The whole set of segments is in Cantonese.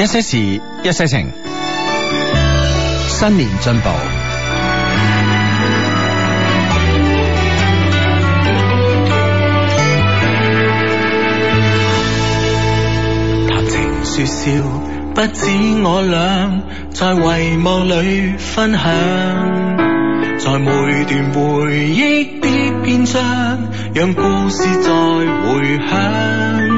一些事，一些情，新年進步。談情説笑，不止我倆，在帷忘裏分享，在每段回憶的篇章，讓故事再回響。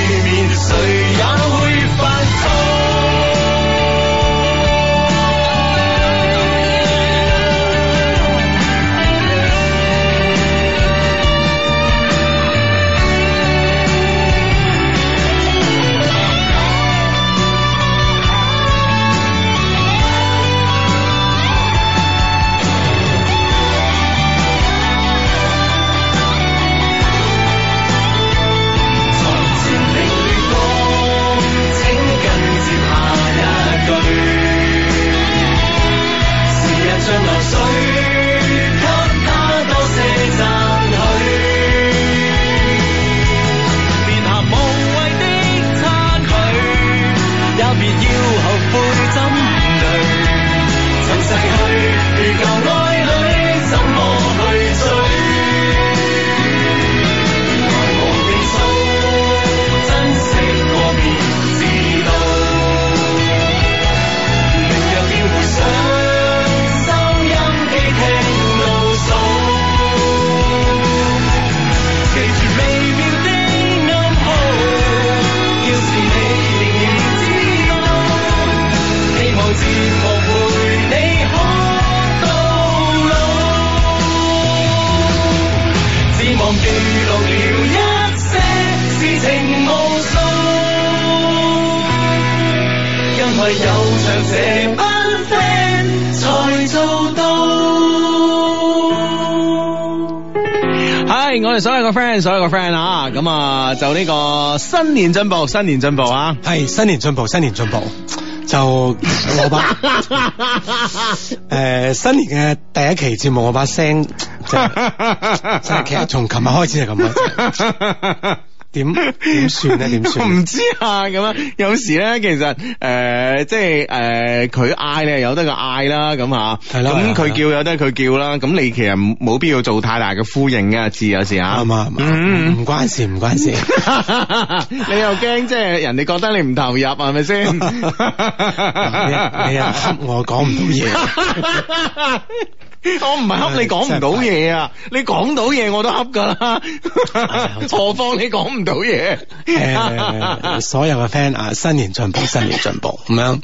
friend 所有嘅 friend 啊，咁啊就呢個新年進步，新年進步啊，係新年進步，新年進步，就我把誒、 嗯呃、新年嘅第一期節目，我把聲，就係其實從琴日開始就咁樣。 點點算咧？點算？唔知啊，咁樣，有時咧，其實誒、呃，即係誒，佢嗌你係有得個嗌啦，咁吓，係啦，咁佢叫有得佢叫啦，咁你其實冇必要做太大嘅呼應啊。字了，有時吓，係嘛，唔關事，唔關事， 你又驚即係人哋覺得你唔投入，係咪先？你啊，恰、哎、我講唔到嘢。 我唔係恰你講唔、嗯、到嘢啊！哎、你講到嘢我都恰噶啦。錯 方你講唔到嘢。哎、 所有嘅 friend 啊，新年進步，新年進步咁樣。 行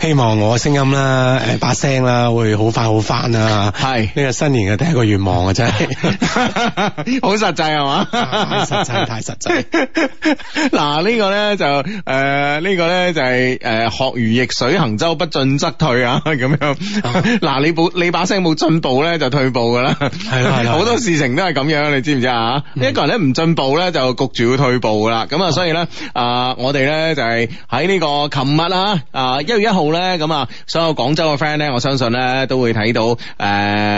希望我聲音啦，誒、呃，把聲啦，會好快好翻啊。係呢是個新年嘅第一個願望啊，真係。好 實際係嘛？太實際太實際。嗱、 這個、呢、呃這個咧就誒呢個咧就係誒學如逆水行舟，不進則退啊咁樣。嗱 你冇你把聲冇進步咧就退步噶啦，係係好多事情都係咁樣，你知唔知啊？一個人咧唔進步咧就焗住要退步噶啦。咁啊，所以咧啊，我哋咧就係喺呢個琴日啊，啊一月一號咧，咁啊，所有廣州嘅 friend 咧，我相信咧都會睇到誒，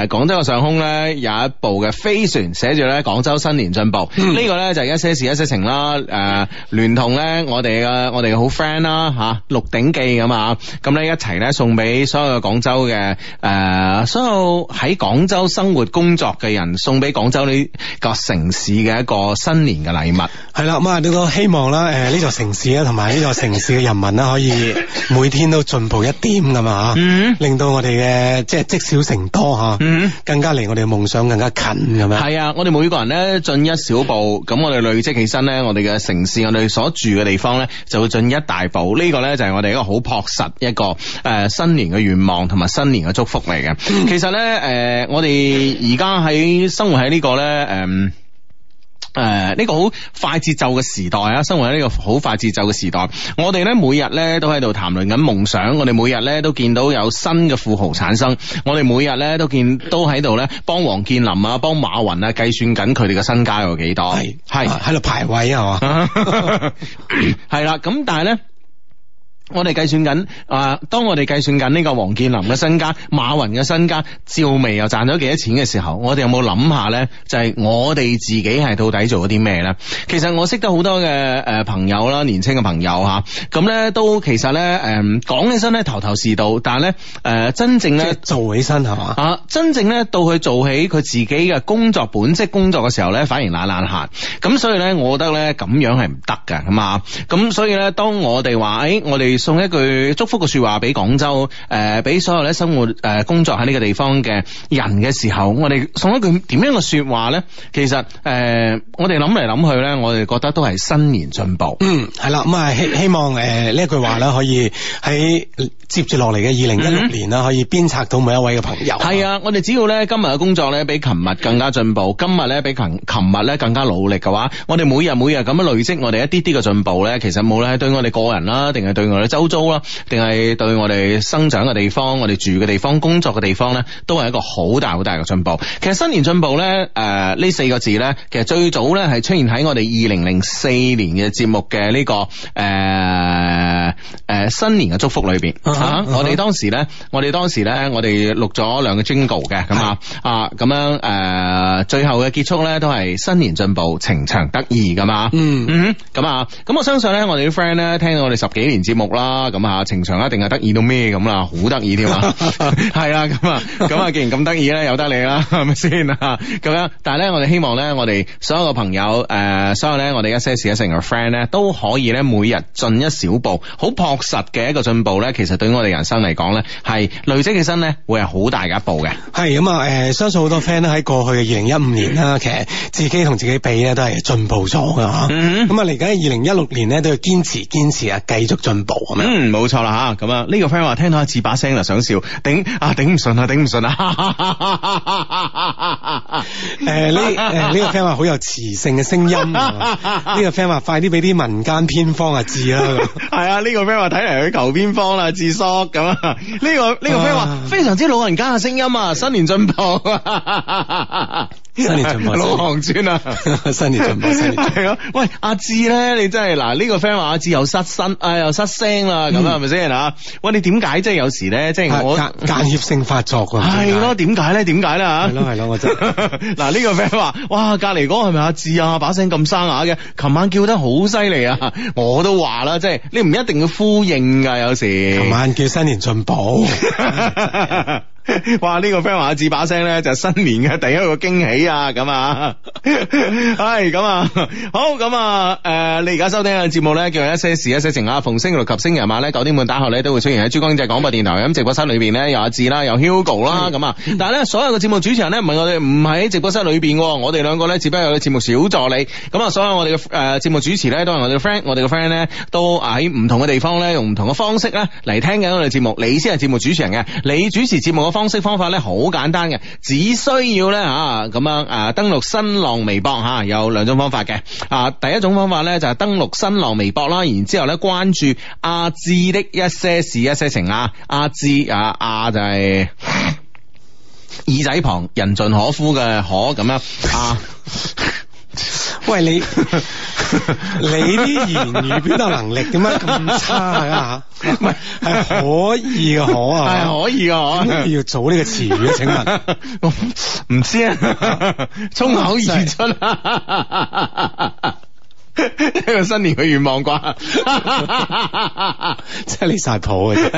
廣州嘅上空咧有一部嘅飛船，寫住咧廣州新年進步。呢個咧就係一些事一些情啦。誒，聯同咧我哋嘅我哋好 friend 啦吓，鹿鼎記咁啊，咁咧一齊咧送俾所有嘅廣州嘅誒所有。喺廣州生活工作嘅人，送俾廣州呢個城市嘅一個新年嘅禮物係啦，咁啊，你都希望啦，誒、呃、呢座城市啊，同埋呢座城市嘅人民啦，可以每天都進步一點咁嘛，嗯、令到我哋嘅即係積少成多吓、啊，更加離我哋嘅夢想更加近咁樣。係、嗯嗯、啊，我哋每個人咧進一小步，咁我哋累積起身咧，我哋嘅城市，我哋所住嘅地方咧就會進一大步。這個、呢個咧就係、是、我哋一個好朴實一個誒、呃、新年嘅願望同埋新年嘅祝福嚟嘅。其實咧。嗯誒、呃，我哋而家喺生活喺呢個咧，誒、呃，誒，呢個好快節奏嘅時代啊，生活喺呢個好快節奏嘅時代，我哋咧每日咧都喺度談論緊夢想，我哋每日咧都見到有新嘅富豪產生，我哋每日咧都見都喺度咧幫王健林啊、幫馬雲啊計算緊佢哋嘅身家有幾多，係係喺度排位啊，係嘛， 係啦，咁但係咧。我哋計算緊啊、呃，當我哋計算緊呢個王健林嘅身家、馬雲嘅身家、趙薇又賺咗幾多錢嘅時候，我哋有冇諗下呢？就係、是、我哋自己係到底做咗啲咩呢？其實我識得好多嘅誒、呃、朋友啦，年輕嘅朋友吓，咁呢都其實呢誒講、呃、起身呢頭頭是道，但係呢誒真正呢做起身係嘛啊？真正呢到佢做起佢自己嘅工作本職工作嘅時候呢，反而懶懶閒。咁所以呢，我覺得呢咁樣係唔得嘅咁啊。咁所以呢，當我哋話誒，我哋送一句祝福嘅說話俾廣州，誒、呃、俾所有咧生活誒、呃、工作喺呢個地方嘅人嘅時候，我哋送一句點樣嘅說話咧？其實誒、呃，我哋諗嚟諗去咧，我哋覺得都係新年進步嗯。嗯，係啦，咁啊希希望誒呢、呃、一句話咧，可以喺接住落嚟嘅二零一六年啦，可以鞭策到每一位嘅朋友。係啊、嗯嗯，我哋只要咧今日嘅工作咧比琴日更加進步，今日咧比琴琴日咧更加努力嘅話，我哋每日每日咁樣累積我哋一啲啲嘅進步咧，其實冇咧對我哋個人啦，定係對我。周遭啦，定係對我哋生長嘅地方、我哋住嘅地方、工作嘅地方咧，都係一個好大好大嘅進步。其實新年進步咧，誒、呃、呢四個字咧，其實最早咧係出現喺我哋二零零四年嘅節目嘅呢、這個誒誒、呃呃、新年嘅祝福裏邊。我哋當時咧，我哋當時咧，我哋錄咗兩個 jingle 嘅咁啊，啊咁樣誒、呃，最後嘅結束咧都係新年進步，情場得意咁啊嗯嗯，咁啊，咁我相信咧，我哋啲 friend 咧，聽到我哋十幾年節目。啦咁啊，情長一定係得意到咩咁啦，好得意添啊！係啦，咁啊，咁啊，既然咁得意咧，又得你啦，係咪先啊？咁樣，但係咧，我哋希望咧，我哋所有嘅朋友，誒，所有咧，我哋一些事一些情嘅 friend 咧，都可以咧，每日進一小步，好樸實嘅一個進步咧，其實對於我哋人生嚟講咧，係累積起身咧，會係好大嘅一步嘅。係咁啊，誒、呃，相信好多 friend 咧喺過去嘅二零一五年啦， 其實自己同自己比咧，都係進步咗嘅。咁啊，嚟緊二零一六年咧，都要堅持堅持啊，繼續進步。哦、嗯，冇錯啦吓，咁啊呢、呢個 friend 話聽到字把聲啦，想笑頂啊頂唔順啊，頂唔順啊，誒呢誒呢個 friend 話好有磁性嘅聲音，呢 個 friend 話快啲俾啲民間偏方啊字啦，係啊呢個 friend 話睇嚟佢求偏方啦智叔咁啊，呢、呢個呢、啊呢個 friend 話、呢個、非常之老人家嘅聲音啊， 新年進步啊！ 新年進步，老行尊啊！新年進步，新年係咯。喂，阿志咧，你真係嗱呢個 friend 話阿志又失身，唉、呃、又失聲啦，咁啊係咪先吓？喂，你點解即係有時咧，啊、即係我間歇、啊、性發作啊？係咯的，點解咧？點解咧吓？係咯係咯，我真嗱呢、 這個 friend 話，哇隔籬嗰個係咪阿志啊？把聲咁生啞嘅，琴晚叫得好犀利啊！我都話啦，即係你唔一定要呼應噶，有時。琴晚叫新年進步。哎呃 哇！這個、呢個 friend 話阿志把聲咧就係，新年嘅第一個驚喜啊咁啊，係 咁啊，好咁啊，誒、呃，你而家收聽嘅節目咧叫一《一些事一些情》，啊。逢星期六及星期日晚咧九點半打後咧都會出現喺珠江經濟廣播電台咁、嗯、直播室裏邊咧，有阿志啦，有 Hugo 啦、啊，咁啊，但係咧所有嘅節目主持人咧唔係我哋唔喺直播室裏邊，我哋兩個咧只不過有啲節目小助理，咁、嗯、啊，所有我哋嘅誒節目主持咧都係我哋嘅 friend，我哋嘅 friend 咧都喺唔同嘅地方咧用唔同嘅方式咧嚟聽緊我哋節目，你先係節目主持人嘅，你主持節目嘅方式方法咧好簡單嘅，只需要咧啊咁樣啊，登錄新浪微博吓、啊，有兩種方法嘅啊。第一種方法咧就係登錄新浪微博啦，然之後咧關注阿志的一些事一些情啊。阿志啊阿、啊啊、就係耳仔旁人盡可夫嘅可咁樣啊。啊。喂，你 你啲言語表達能力點解咁差啊？嚇 是，唔係，係可以嘅可啊，係 可以嘅可。要做呢個詞語啊？ 啊 請問，唔 不 知啊， 衝口而出。呢 個新年嘅願望啩，即係 你殺我嘅啫，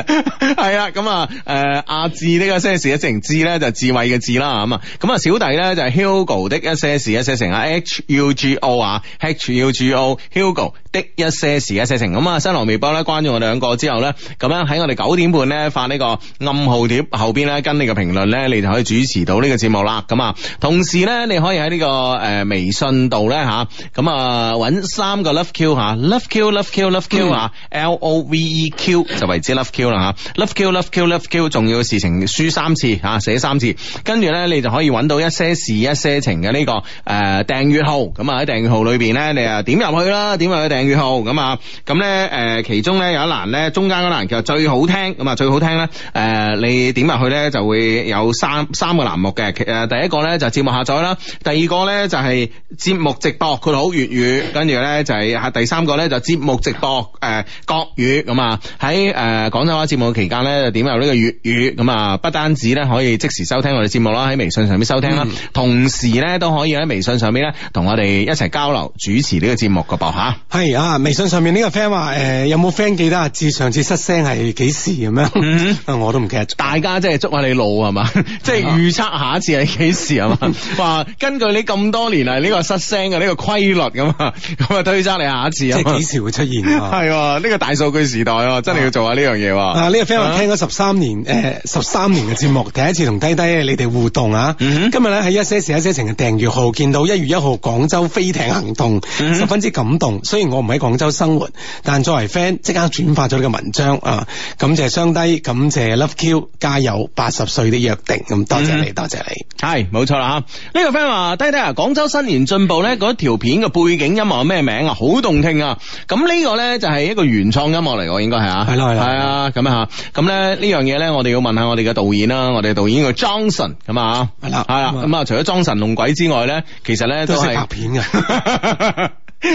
係啊，咁啊，誒阿志呢個一些事一些情智咧就智慧嘅智啦，咁啊咁啊小弟咧就係 Hugo 的一些事、嗯、一些情啊 H U G O 啊 H U G O Hugo 的一些事一些情。咁啊新浪微博咧關注我兩個之後咧咁樣喺我哋九點半咧發呢個暗號貼後邊咧跟你嘅評論咧你就可以主持到呢個節目啦，咁、嗯、啊同時咧你可以喺呢個誒微信度咧吓咁啊揾。三個 love q 吓 l o v e q love q love q 嚇，l o v e q 就為之 love q 啦嚇，love q love q love q 重要嘅事情輸三次吓，寫三次，跟住咧你就可以揾到一些事一些情嘅呢、這個誒、呃、訂閱號，咁啊喺訂閱號裏邊咧你啊點入去啦，點入去訂閱號咁啊，咁咧誒其中咧有一欄咧中間嗰欄其實最好聽咁啊最好聽咧誒、呃、你點入去咧就會有三三個欄目嘅，其誒第一個咧就節目下載啦，第二個咧就係節目直播，佢好粵語，跟住。咧就係第三個咧就節目直播，誒、呃、國語，咁啊喺誒廣州話節目期間咧就點有呢個粵語，咁啊不單止咧可以即時收聽我哋節目啦，喺微信上面收聽啦，嗯、同時咧都可以喺微信上面咧同我哋一齊交流主持呢個節目噶噃吓，係啊微信上面呢個 friend 話，誒有冇 friend 記得啊？至上次失聲係幾時咁樣，、嗯、 我都唔記得，大家即係捉下你老係嘛，啊、即係預測下一次係幾時係嘛？話 根據你咁多年嚟呢個失聲嘅呢個規律咁啊～ 咁啊，推測你下一次啊，即係幾時會出現啊？係呢、 啊這個大數據時代，啊，真係要做下呢樣嘢。啊。呢、啊這個 friend 聽咗十三年，誒、 呃，十三年嘅節目，第一次同低低你哋互動啊。Mm hmm. 今日咧喺一些事、一些情嘅訂閱號，見到一月一號廣州飛艇行動，mm hmm. 十分之感動。雖然我唔喺廣州生活，但作為 friend 即刻轉發咗呢個文章啊。感謝雙低，感謝 Love Q，加油！八十歲的約定，咁多謝你，多謝你。係冇錯啦，吓、hmm. 呢、 啊這個 friend 話，低低啊，廣州新年進步咧，嗰條片嘅背景音樂咩？咩名啊？好動聽啊！咁呢個咧就係一個原創音樂嚟，應該係啊。係啦係啦。係啊，咁啊，咁咧呢樣嘢咧，我哋要問下我哋嘅導演啦。我哋導演叫 Johnson 咁啊。係啦，係啦。咁啊，除咗《莊神弄鬼》之外咧，其實咧都係拍片嘅。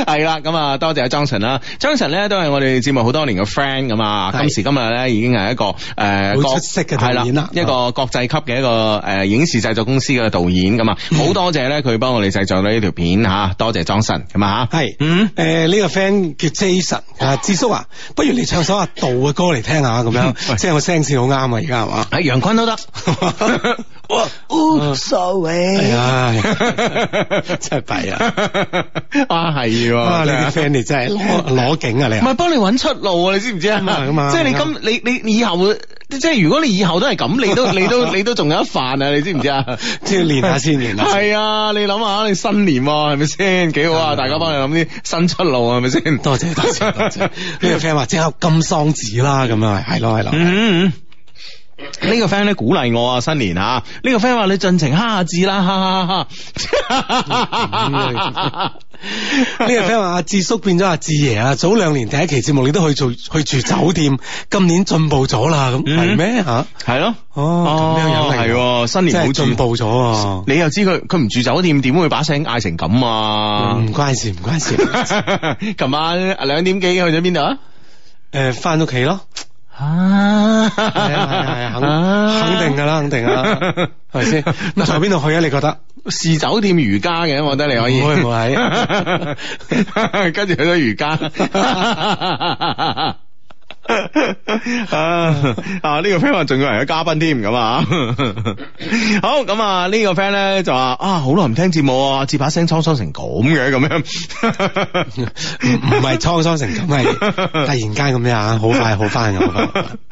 係啦，咁啊，多謝阿張晨啦，張晨咧都係我哋節目好多年嘅 friend 咁啊，是今時今日咧已經係一個誒，呃、出色嘅導演啦，了一個國際級嘅一個誒、呃、影視製作公司嘅導演咁啊，好、嗯、多謝咧佢幫我哋製作到呢條片吓，多謝張晨咁啊吓。係是，嗯，誒呢、呃這個 friend 叫 Jason 啊，智叔啊，唉不如你唱首阿、啊、杜嘅歌嚟聽，聽下咁樣，唉即係個聲線好啱啊，而家係嘛，阿楊坤都得。 哇無所謂，真弊啊！啊係，你啲 friend 你真係攞攞景啊你，唔係幫你搵出路啊你知唔知啊？嘛，即係你今你你以後，即係如果你以後都係咁，你都你都你都仲有一飯啊你知唔知啊？先練下先，練下係啊，你諗下你新年係咪先？幾好啊！大家幫你諗啲新出路係咪先？多謝多謝多謝呢個 friend 話即刻金桑子啦咁樣，係咯係咯。呢個 friend 咧，鼓勵我啊，新年吓、啊，呢、這個 friend 話你盡情蝦下智啦，呢 個 friend 話阿智叔變咗阿智爺啊，早兩年第一期節目你都去做去住酒店， 今年進步咗啦，咁係咩吓？係、啊、咯，哦咁樣嚟？新年好係進步咗，你又知佢佢唔住酒店，點會把聲嗌成咁啊？唔關事，唔關事。琴晚兩點幾去咗邊度啊？誒、呃，翻屋企咯。.係啊係啊係啊，肯肯定噶啦，肯定啊，係咪先？嗱 是，上邊度去啊？你覺得？是酒店瑜伽嘅，我覺得你可以。唔係唔係，跟住 去咗瑜伽。 啊啊呢、這個 friend 仲要嚟咗嘉賓添咁啊，好、這、咁、個、啊呢個 friend 咧就話啊好耐唔聽節目啊，字把聲滄桑成咁嘅咁樣，唔係滄桑成咁，係突然間咁樣啊，好快好翻噶，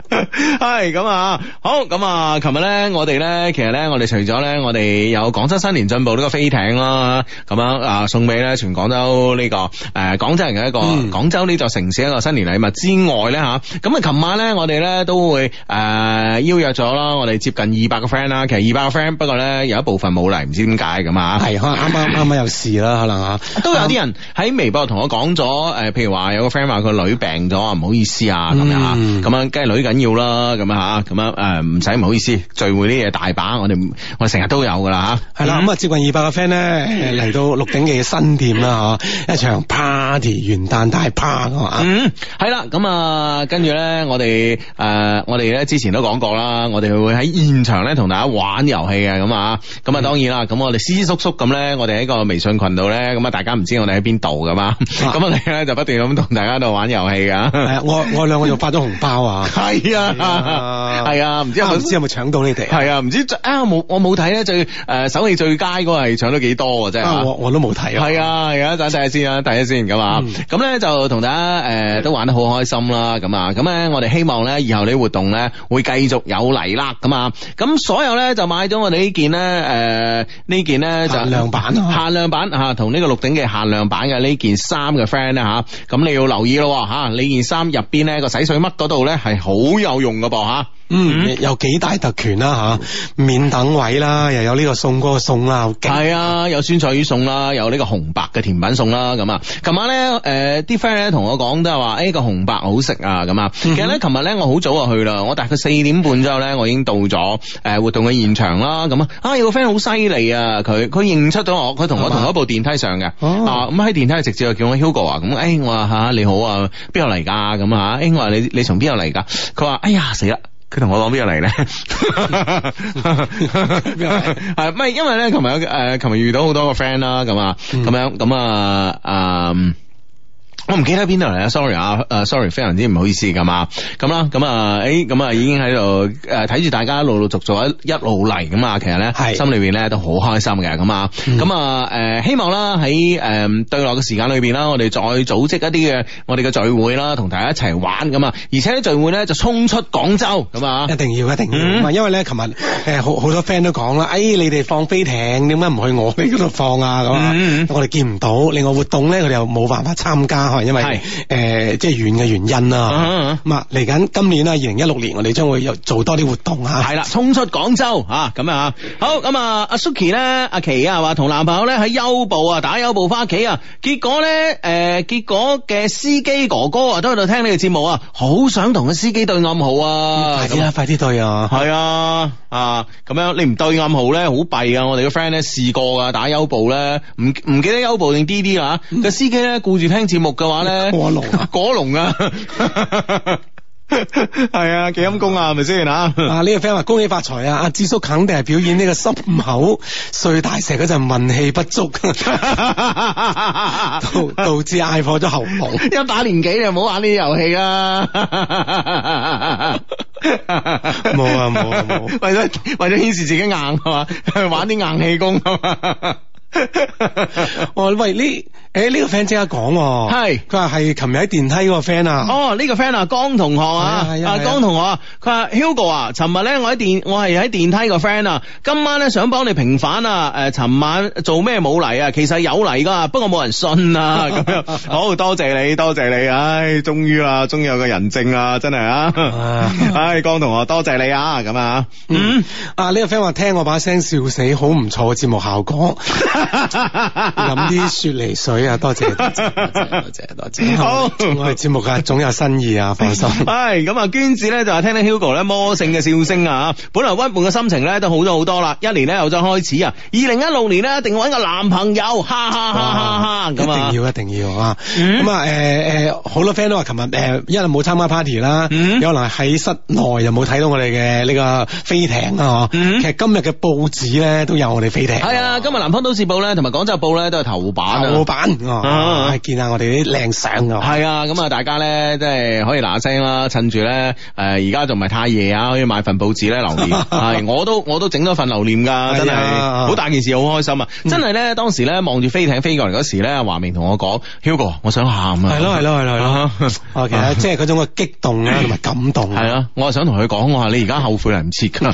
係咁啊好咁啊，琴日咧我哋咧其實咧我哋除咗咧我哋有廣州新年進步呢個飛艇啦，咁啊啊送俾咧全廣州呢、這個誒廣、啊、州人嘅一個廣、嗯、州呢座城市一個新年禮物之外咧吓。咁啊！琴晚咧，我哋咧都會誒邀約咗啦，我哋接近二百個 friend 啦，其實二百個 friend，不過咧有一部分冇嚟，唔知點解噶嘛？係可能啱啱啱啱有事啦，可能吓都有啲人喺微博同我講咗，誒，譬如話有個 friend 話個女病咗，啊，唔好意思啊，咁樣吓，咁樣梗係女緊要啦，咁啊吓，咁樣誒唔使唔好意思，聚會啲嘢大把，我哋我成日都有噶啦吓。係啦，咁啊接近二百個 friend 咧嚟到鹿鼎記嘅新店啦，嗬，一場 party 元旦大趴啊！嗯，係啦，咁啊～跟住咧，我哋誒、呃、我哋咧之前都講過啦，我哋會喺現場咧同大家玩遊戲嘅咁啊，咁啊當然啦，咁我哋斯斯叔慄咁咧，我哋喺個微信群度咧，咁啊大家唔知我哋喺邊度噶嘛，咁我哋咧就不斷咁同大家度玩遊戲啊。啊哎、我我兩個又發咗紅包啊。係、嗯、啊，係啊，唔、啊、知阿、啊、知有冇搶到你哋？係啊，唔、啊、知啊冇、哎、我冇睇咧，最誒、呃、手氣最佳嗰個係搶咗幾多嘅啫、啊啊。我我都冇睇啊。係啊，而家等睇下先啊，睇下，等下，等下先咁啊。咁咧、嗯、就同大家誒、呃、都玩得好開心啦，咁 啊～、嗯啊，咁咧，我哋希望咧，以後啲活動咧，會繼續有嚟啦，咁啊，咁所有咧就買咗我哋呢件咧，誒、呃，呢件咧就限量版限量版吓，同呢個綠頂嘅限量版嘅呢件衫嘅 friend 咧吓，咁你要留意咯吓，你件衫入邊咧個洗水嘜嗰度咧係好有用噶噃吓。osium 嗯，有幾大特權啦吓，免等位啦，又有呢個送嗰個送啦，好勁係啊！有酸菜魚送啦，有呢個紅白嘅甜品送啦。咁啊，琴晚咧誒，啲 friend 咧同我講都係話誒個紅白好食啊。咁啊，其實咧琴日咧我好早就去啦，我大概四點半之後咧，我已經到咗誒活動嘅現場啦。咁啊，有個 friend 好犀利啊，佢佢認出咗我，佢同我同一部電梯上嘅啊。咁喺電梯直接就叫我 Hugo 啊。咁誒，我話吓你好啊，邊度嚟噶？咁啊，誒我話你你從邊度嚟噶？佢話哎呀死啦！佢同我講邊個嚟咧？係唔係因為咧？琴日誒，琴日遇到好多個 friend 啦，咁、嗯、啊，咁樣咁啊，嗯。我唔記得邊度嚟啊，sorry 啊，誒，sorry，非常之唔好意思㗎嘛，咁、嗯、啦，咁、嗯、啊，誒，咁啊，已經喺度誒睇住大家陸陸續續一一路嚟咁啊，其實咧，的心裏邊咧都好開心嘅，咁、嗯、啊，咁啊，誒，希望啦喺誒對落嘅時間裏邊啦，我哋再組織一啲嘅我哋嘅聚會啦，同大家一齊玩咁啊，而且咧聚會咧就衝出廣州咁啊，嗯、一定要，一定要、嗯、因為咧，琴日誒好好多 friend 都講啦，誒、哎，你哋放飛艇，點解唔去我哋嗰度放啊？咁啊，嗯、我哋見唔到，另外活動咧，佢哋又冇辦法參加。因為係誒是、呃，即係遠嘅原因啦。咁啊，嚟緊、嗯嗯、今年啊，二零一六年，我哋將會又做多啲活動啊。係啦，衝出廣州啊！咁啊，好，咁啊，阿 Suki 咧，阿琪啊，話同男朋友咧喺優步啊打優步翻屋企啊。結果咧，誒、呃，結果嘅司機哥哥啊都喺度聽你個節目啊，好想同個司機對暗號啊。嗯、快啲樣點啊，快啲對啊。係啊，啊，咁樣、啊、樣你唔對暗號咧，好弊啊，我哋個 friend 咧試過啊打優步咧，唔、嗯、唔記得優步定 DD 啊。個 司機咧顧住聽節目噶。話咧果龍，啊，果龍啊，係 啊，幾陰功啊，係咪先啊？呢、這個 friend 話恭喜發財啊！阿、啊、智叔肯定係表演呢個心口碎大石嗰陣，運氣不足， 導致嗌破咗喉嚨。 一把年紀就唔好玩呢啲遊戲啊， 啊，冇啊冇冇， 為咗為咗顯示自己硬係嘛， 玩啲硬氣功。 我 、哦、喂呢誒呢個 friend 即刻講係，佢話係琴日喺電梯個 friend 啊。嗯、哦呢、呢個 friend 啊，江同學啊，啊，江同學佢話 Hugo 啊，琴日咧我喺電我係喺電梯個 friend 啊，今晚咧想幫你平反啊。誒、呃，尋晚做咩冇嚟啊？其實有嚟噶，不過冇人信啊。咁 樣好多謝你，多謝你，唉、哎啊，終於啊，終於有個人證啊。真係啊。唉、 哎，江同學多謝你啊，咁啊，嗯啊呢、呢個 friend 話聽我把聲笑死，好唔錯嘅節目效果。 飲啲 雪梨水啊！多謝多謝多謝多謝好，我 哋節目啊總有新意啊！放心，係咁啊，娟子咧就係聽聽 Hugo 咧魔性嘅笑聲啊！ 本來温伴嘅心情咧都好咗好多啦。一年咧又再開始啊！二零一六年呢，一定要揾個男朋友，哈哈哈！哈哈。咁啊，一定要一定要啊！咁啊誒誒好多 friend 都話，琴日誒因為冇參加 party 啦、嗯，有可能喺室內又冇睇到我哋嘅呢個飛艇啊！嗬、嗯，其實今日嘅報紙咧都有我哋飛艇，係啊！今日南方都市報咧，同埋廣州報咧都係頭版，頭版哦，見下我哋啲靚相啊，係啊，咁啊，大家咧即係可以嗱聲啦，趁住，咧，誒，而家仲唔係太夜啊，可以買份報紙咧留念，係，我都我都整咗份留念噶，真係好大件事，好開心啊，真係咧，當時咧望住飛艇飛過嚟嗰時咧，華明同我講，Hugo，我想喊啊，係咯係咯係咯，啊，其實即係嗰種嘅激動啊，同埋感動，係啊，我係想同佢講，我話你而家後悔嚟唔切噶，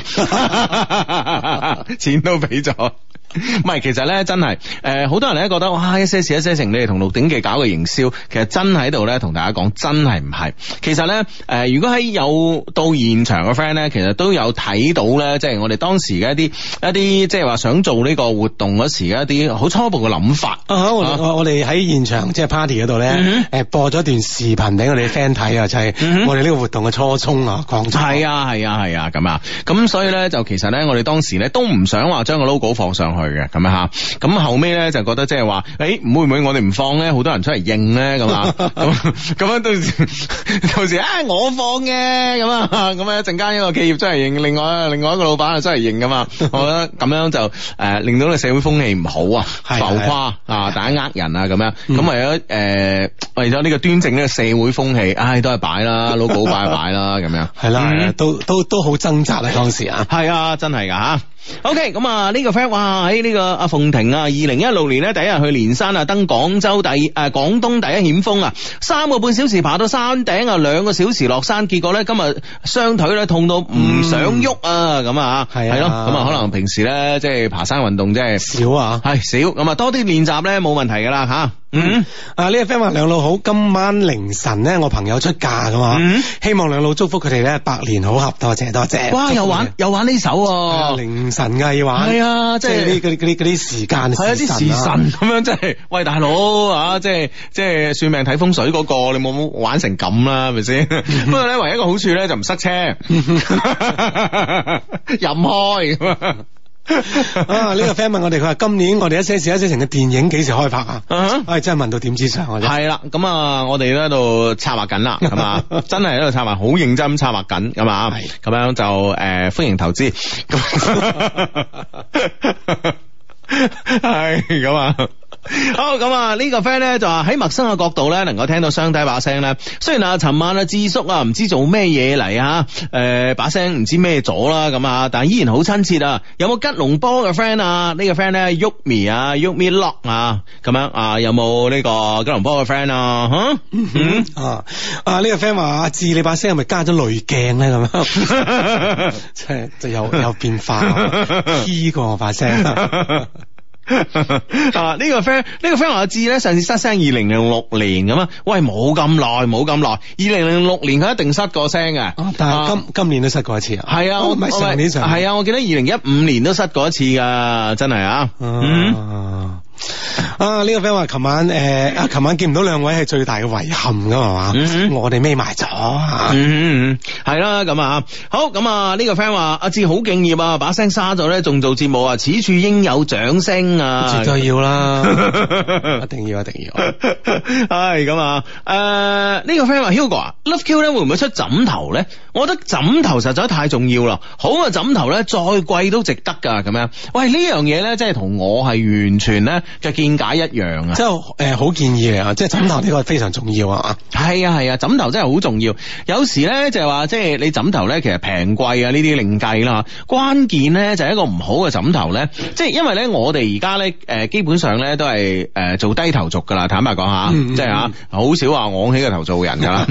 錢都俾咗。唔係，其實咧真係，誒好多人咧覺得哇一些事一些情，你哋同六鼎記搞嘅營銷，其實真喺度咧同大家講，真係唔係。其實咧，誒如果喺有到現場嘅 friend 咧，其實都有睇到咧，即係我哋當時嘅一啲一啲，即係話想做呢個活動嗰時嘅一啲好初步嘅諗法。我哋喺現場即係 party 嗰度咧，誒播咗段視頻俾我哋嘅 friend 睇啊，就係我哋呢個活動嘅初衷啊，講真啊，係啊係啊，咁啊，咁所以咧就其實咧我哋當時咧都唔想話將個 logo 放上去。咁啊吓，咁後尾咧就覺得即係話，誒唔會唔會我哋唔放咧，好多人出嚟認咧咁啊，咁咁樣到時到時啊，我放嘅咁啊，咁啊一陣間呢個企業出嚟認，另外另外一個老闆啊出嚟認噶嘛，我覺得咁樣就誒令到呢個社會風氣唔好啊，浮誇啊，大家呃人啊咁樣，咁為咗誒為咗呢個端正呢個社會風氣，唉都係擺啦，老古擺擺啦咁樣，係啦係啦，都都都好掙扎啊當時啊，係啊真係噶吓。O.K. 咁、哎這個、啊，呢個 friend 哇喺呢個阿鳳婷啊，二零一六年咧第一日去連山廣啊，登廣州第誒廣東第一險峰啊，三個半小時爬到山頂啊，兩個小時落山，結果咧今日雙腿咧痛到唔想喐啊，咁、嗯、樣啊係係咯，咁啊可能平時咧即係爬山運動即係少啊，係少，咁啊多啲練習咧冇問題噶啦吓。嗯，啊呢個 friend 話兩老好，今晚凌晨咧我朋友出嫁噶嘛，嗯、希望兩老祝福佢哋咧百年好合，多謝多謝。哇又，又玩又玩呢首、啊啊，凌晨嘅要玩，係啊，即係啲啲嗰啲嗰啲時間係啊，啲時辰咁樣，即係喂大佬吓，即係即係算命睇風水嗰、嗰個，你冇冇玩成咁啦，係咪先？不過咧，唯一一個好處咧就唔塞車，任開。啊！呢、這個 friend 問我哋，佢話今年我哋一些事、一些情嘅電影幾時開拍啊？哎、uh huh.，真係問到點子上 我哋係啦，咁啊，我哋都喺度策劃緊啦，咁啊，真係喺度策劃，好認真咁策劃緊，咁啊，咁樣就誒、呃，歡迎投資。係咁啊。好咁啊！呢、這個 friend 咧就話喺陌生嘅角度咧，能夠聽到雙低把聲咧。雖然啊，尋晚阿智叔啊，唔、呃、知做咩嘢嚟啊，誒把聲唔知咩咗啦咁啊，但係依然好親切有有、這個、Me, Lock, 啊！有冇吉隆坡嘅 friend 啊？呢個 friend 咧，Yuk Mi 啊，Yuk Mi Lock 啊，咁樣啊，有冇呢個吉隆坡嘅 friend 啊？啊、這個、啊！呢個 friend 話阿志你把聲係咪加咗雷鏡咧？咁樣，即係就有有變化，P 過把聲。 啊！呢、這個 friend 呢個 friend 話我知咧，上次失聲二零零六年咁啊，喂，冇咁耐，冇咁耐，二零零六年佢一定失過聲嘅。但係今、啊、今年都失過一次啊。係啊，唔係我我上年上年，係啊，我記得二零一五年都失過一次噶，真係啊。啊嗯啊啊！呢、這個 friend 話，琴晚誒，琴晚見唔到兩位係最大嘅遺憾噶嘛？嘛、嗯嗯，我哋孭埋咗啊！係啦、嗯嗯嗯，咁啊，好咁啊！呢、這個 friend 話，阿志好敬業啊，把聲沙咗咧，仲做節目啊，此處應有掌聲啊，絕對要啦， 一定要，一定要，係咁 啊！誒、呃，呢、這個 friend 話 ，Hugo 啊，LoveQ 咧會唔會出枕頭咧？我覺得枕頭實在太重要啦，好嘅枕頭咧，再貴都值得噶。咁樣、啊，喂，呢樣嘢咧，真係同我係完全咧，嘅見解一樣啊，即係誒好建議啊！即係枕頭呢個非常重要啊，係啊係啊，枕頭真係好重要。有時咧就係話，即係你枕頭咧其實平貴啊呢啲另計啦。關鍵咧就係一個唔好嘅枕頭咧，即係因為咧我哋而家咧誒基本上咧都係誒做低頭族噶啦，坦白講下，即係、嗯嗯嗯、啊，好少話昂起個頭做人噶啦。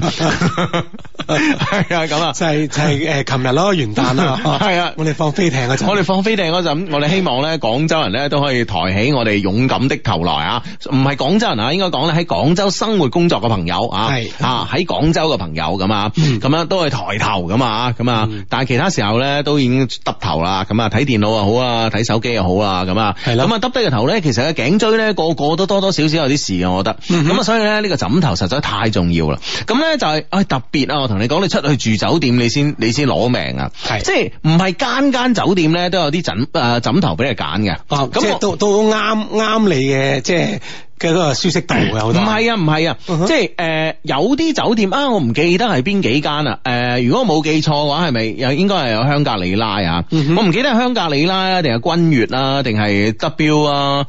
係啊咁啊，啊就係、係、就係誒琴日咯元旦啦，係 啊，我哋放飛艇嗰陣，我哋放飛艇嗰陣，我哋希望咧廣州人咧都可以抬起我哋勇。感的頭來啊，唔係廣州人啊，應該講咧喺廣州生活工作嘅朋友啊，係啊喺廣州嘅朋友咁啊，咁樣、嗯、都係抬頭咁啊，咁啊，但係其他時候咧都已經耷頭啦，咁啊睇電腦又好啊，睇手機又好啊，咁啊，咁啊耷低個頭咧，其實個頸椎咧個個都多多少少有啲事嘅，我覺得，咁啊、嗯、所以咧呢、呢個枕頭實在太重要啦，咁咧就係、是哎、特別啊，我同你講，你出去住酒店你，你先你先攞命啊，即係唔係間間酒店咧都有啲枕誒枕頭俾你揀嘅，咁即係都啱啱。心理嘅即係嘅嗰個舒適度啊，我覺得唔係啊，唔係啊，即係誒。有啲酒店啊，我唔記得係邊幾間啊誒，如果我冇記錯嘅話，係咪又應該係有香格里拉啊？嗯嗯我唔記得係香格里拉 w, 啊，定係君悅啊，定係德標啊，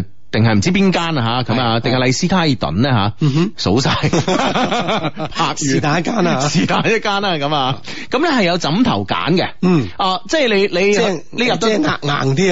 誒。定係唔知邊間啊吓，咁啊，定係麗思卡爾頓咧吓，數晒，是但一間啊，是但一間啊，咁啊，咁咧係有枕頭揀嘅，嗯，啊，即係你你，即係你入到硬啲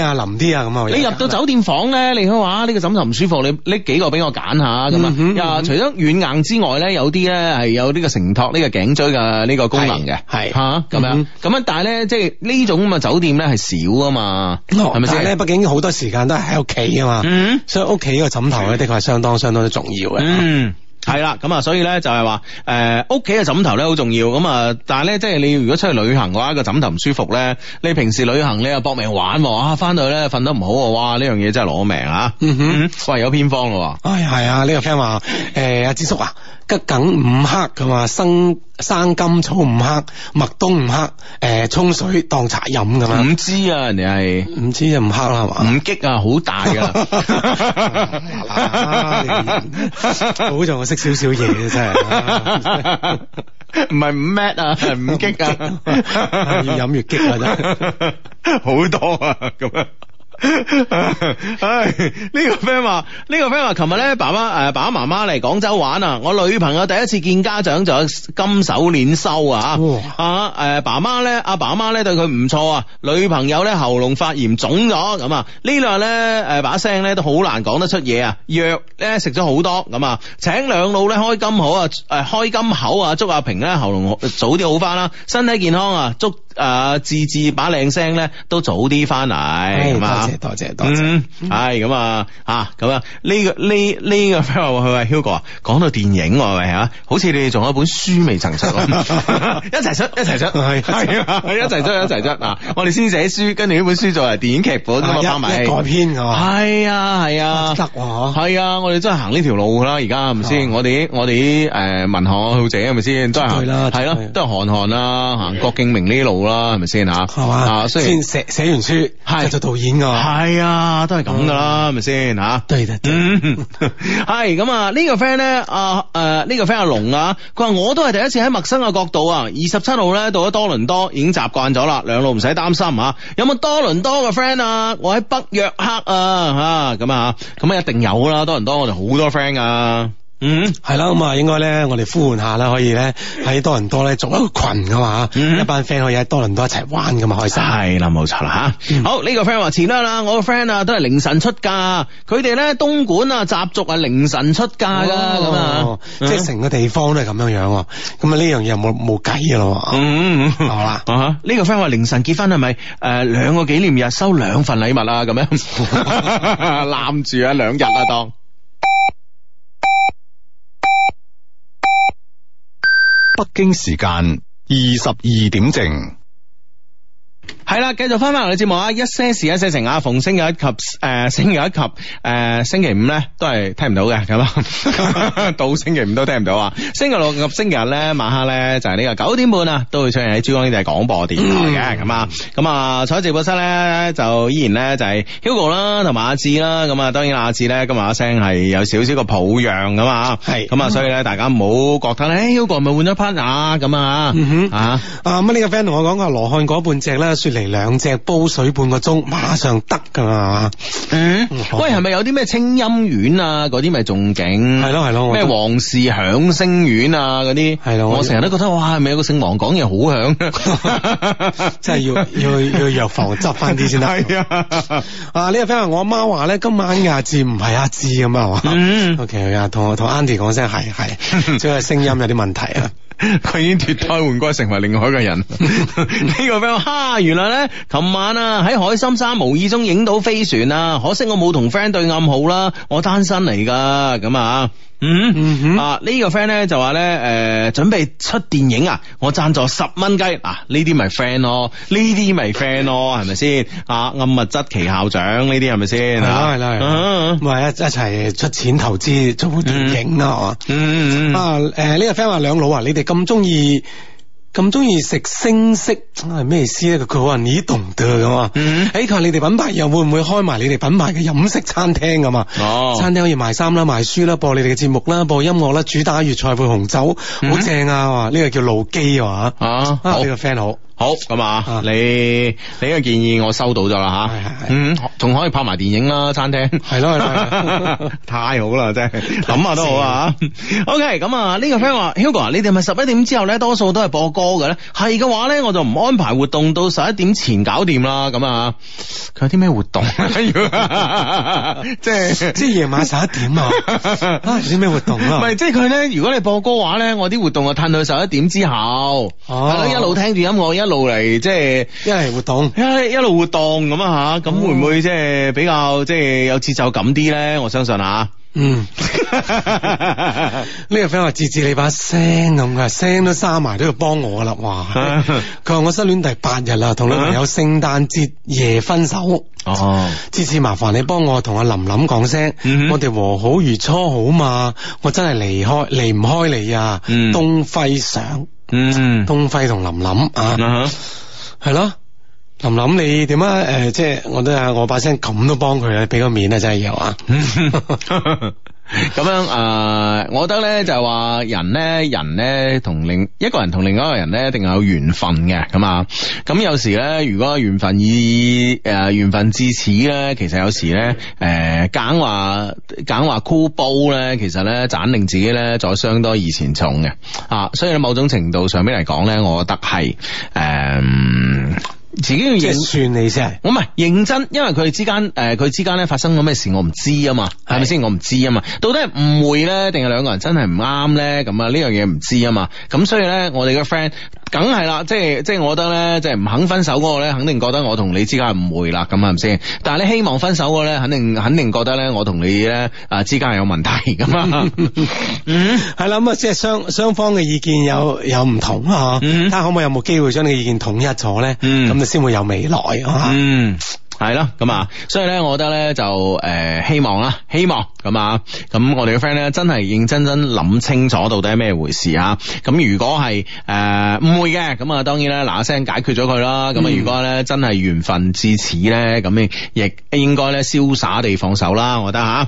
啊，腍啲啊，咁啊，你入到酒店房咧，你可話呢個枕頭唔舒服，你拎幾個俾我揀下咁啊？啊，除咗軟硬之外咧，有啲咧係有呢個承托呢個頸椎嘅呢個功能嘅，係吓咁樣，咁樣但係咧，即係呢種咁嘅酒店咧係少啊嘛，係咪先？但係咧，畢竟好多時間都係喺屋企啊嘛，嗯。所以屋企呢個枕頭咧的確係相當相當之重要嘅。嗯，係啦，咁啊，所以咧就係話，誒、呃，屋企嘅枕頭咧好重要，咁啊，但係咧即係你如果出去旅行嘅話，個枕頭唔舒服咧，你平時旅行你又搏命玩，哇、啊，翻到去咧瞓得唔好，哇，呢樣嘢真係攞命啊！嗯哼，喂，有偏方啦？哎，係啊，呢、這個 friend 話，誒、呃，阿智叔啊。桔梗五克噶嘛，生生甘草五克，麥冬五克，誒、呃，沖水當茶飲噶嘛。唔知啊，人哋係唔知就五克係嘛？五激啊吧，好大噶。好在我識少少嘢啊，真係唔係五 mat 啊，係 五激啊，越 飲 越激啊，真係 好多啊，咁啊。唉，呢 個 friend 話，呢、這個 friend 話，琴日咧，爸爸誒，爸爸媽媽嚟廣州玩啊，我女朋友第一次見家長就有金手鏈收、哦、啊啊誒，爸媽咧，阿爸媽咧對佢唔錯啊，女朋友咧喉嚨發炎腫咗，咁啊呢兩日咧誒把聲咧都好難講得出嘢啊，藥咧食咗好多，咁啊請兩老咧開金口啊，誒開金口啊，祝阿平咧喉，喉嚨早啲好翻啦，身體健康啊，祝。誒，字字把靚聲咧，都早啲翻嚟，多謝多謝多謝，係咁啊，吓咁啊，呢個呢呢個佢話 Hugo，講到電影，係咪吓？好似你哋仲有一本書未曾出，一齊出一齊出，係係，一齊出一齊出啊！我哋先寫書，跟住呢本書作為電影劇本咁啊，包埋改編噶，係啊係啊，得係啊，我哋真係行呢條路噶啦，而家係咪先？我哋我哋啲誒文學愛好者係咪先？都係啦，係咯，都係韓寒啊，行郭敬明呢路。.啦，係咪先吓？係嘛、啊，雖然寫寫完書，係是就導演噶，係啊，都係咁噶啦，係咪先吓？對對對，係咁啊， 這個，呢個 friend 咧，啊，誒、呃、呢、這個 friend 阿龍啊，佢話我都係第一次喺陌生嘅角度啊，二十七號咧到咗多倫多已經習慣咗啦，兩路唔使擔心啊。有冇多倫多嘅 friend 啊？我喺北約克啊，吓咁啊，咁啊一定有啦，多倫多我就好多 friend 啊。嗯，係啦、mm，咁、hmm. 啊，應該咧，我哋呼喚下啦，可以咧喺多倫多咧做一個群噶嘛，mm hmm. 一班 friend 可以喺多倫多一齊玩咁啊，開心係啦，冇錯啦吓。Hmm. 好呢個 friend 話，前兩日我個 friend 啊都係凌晨出嫁，佢哋咧東莞啊習俗啊凌晨出嫁啦，咁啊，即係成個地方都係咁樣樣，咁啊呢樣嘢冇冇計噶咯。嗯，好啦，呢個 friend 話凌晨結婚係咪誒兩個紀念日收兩份禮物啊？咁樣攬住 啊兩日啊當。 北京時間二十二點正。係啦，繼續翻翻嚟嘅節目啊！一些事，一些情啊，逢星期一及誒星期一及誒星期五咧，都係聽唔到嘅，咁啊，到星期五都聽唔到啊！星期六及星期日咧，晚黑咧就係呢個九點半啊，都會出現喺珠江經濟廣播電台嘅咁啊，咁啊坐喺直播室咧就依然咧就係 Hugo 啦，同埋阿志啦，咁啊當然阿志咧今日嘅聲係有少少個抱樣，咁啊，係咁啊，所以咧大家唔好覺得咧 Hugo 係咪換咗 partner 咁啊，啊啊乜呢個 friend 同我講啊，羅漢果半隻啦，雪。嚟兩隻煲水半個鐘，馬上得㗎嘛？嗯，嗯喂，係咪有啲咩清音丸啊？嗰啲咪仲勁？係咯係咯，咩黃氏響聲丸啊？嗰啲係咯，了我成日都覺得，覺得哇，係咪有個姓黃講嘢好響？嗯、 真係要要要，要藥房執翻啲先得。係 的 啊，啊呢個 friend 我阿媽話咧，今晚亞智唔係亞智咁啊嘛。嗯，OK，同我同 Andy 講聲係係，只係聲音有啲問題啊。佢 已經脫胎換骨，成為另外一個人。呢 個 friend 哈，原來咧，琴晚啊喺海心沙無意中影到飛船啊，可惜我冇同 friend 對暗號啦，我單身嚟噶，咁啊。嗯嗯，啊呢個 friend 咧，就話咧，誒準備出電影啊，我贊助十蚊雞嗱，呢啲咪 friend 咯，呢啲咪 friend 咯，係咪先啊？暗物質奇校長呢啲係咪先？係啦，係啦，係一一齊出錢投資做部電影啦。嗯，嗯，嗯啊誒呢個 friend 話兩老啊，你哋咁中意。咁中意食星式，真係咩意思咧？佢佢好懂得嘅咁啊！哎，佢話、mm hmm. 欸、你哋品牌又會唔會開埋你哋品牌嘅飲食餐廳啊嘛？哦，oh. 餐廳可以賣衫啦、賣書啦、播你哋嘅節目啦、播音樂啦，主打粵菜配紅酒，好、mm hmm. 正啊！呢、這個叫勞基啊嘛？哦，啊，你個 friend 好。好咁啊！你你嘅建議我收到咗啦吓，係係係，嗯，仲可以拍埋電影啦，餐廳係咯係咯，太好啦真係諗下都好啊！OK，咁啊呢個 friend 話 Hugo，你哋咪十一點之後咧，多數都係播歌嘅咧，係嘅話咧，我就唔安排活動到十一點前搞掂啦。咁啊，佢有啲咩活動？即係即係夜晚十一點啊？有啲咩活動啊？唔係，即係佢咧，如果你播歌話咧，我啲活動啊，褪到十一點之後，係咯，一路聽住音樂一路嚟即係一係活動，一路活動咁啊吓，咁會唔會即係比較即係有節奏感啲咧？我相信啊，嗯，呢 個 friend 話：治治你把聲咁啊，聲都沙埋都要幫我啦。哇！佢話 我失戀第八日啦，同女朋友聖誕節夜分手。哦、嗯，治治麻煩你幫我同阿琳琳講聲，林林聲嗯嗯我哋和好如初好嘛。」我真係離開離唔開你啊，嗯、東輝上。嗯，東輝同琳琳啊，係咯、嗯哼，琳琳，你點解誒，即係我都我把聲咁都幫佢啊，俾個面啊真係有啊。 咁樣誒、呃，我覺得咧就係、是、話人咧，人咧同另一個人同另外一個人咧，一定有緣分嘅，咁啊，咁有時咧，如果緣分已誒緣分至此咧，其實有時咧誒，揀、呃、話揀話箍煲咧，其實咧盞令自己咧再相多以前重嘅啊，所以喺某種程度上面嚟講咧，我覺得係誒。呃自己要認即算你先，我唔係認真，因為佢哋之間誒，佢哋、呃、之間咧發生咗咩事，我唔知啊嘛，係咪先？我唔知啊嘛，到底係誤會咧，定係兩個人真係唔啱咧？咁啊呢樣嘢唔知啊嘛，咁所以咧我哋嘅 friend。梗係啦，即係即係，我覺得咧，即係唔肯分手嗰個咧，肯定覺得我同你之間係唔會啦，咁係咪先？但係你希望分手嗰個咧，肯定肯定覺得咧，我同你咧啊之間係有問題噶嘛嗯？嗯，係啦，咁啊，即係雙雙方嘅意見有有唔同啊。嗬、嗯？睇下可唔可以有冇機會將你嘅意見統一咗咧？嗯，咁你先會有未來啊嗯。嗯。係啦，咁啊，所以咧，我覺得咧就誒、呃，希望啦，希望咁啊，咁我哋嘅 friend 咧，真係認真真諗清楚到底係咩回事啊？咁如果係誤會嘅，咁啊，當然啦，嗱嗱聲解決咗佢啦。咁啊，如果咧真係緣分至此咧，咁亦亦應該咧瀟灑地放手啦。我覺得吓，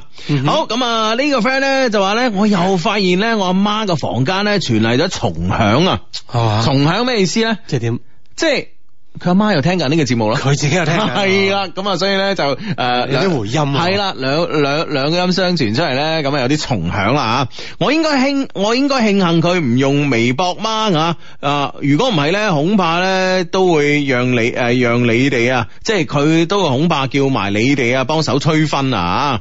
好咁啊，呢、嗯、哼個 friend 咧就話咧，我又發現咧我阿媽嘅房間咧傳嚟咗重響啊，重響咩意思咧？即係點？即係。佢阿媽又聽緊呢個節目咯，佢自己又聽，係啦，咁啊，所以咧就誒、呃、有啲回音係啦，兩兩兩音相傳出嚟，咧，咁啊有啲重響啦吓。我應該慶，我應該慶幸佢唔用微博嗎吓？啊、呃，如果唔係咧，恐怕咧都會讓你誒、呃，讓你哋啊，即係佢都會恐怕叫埋你哋啊，幫手催婚啊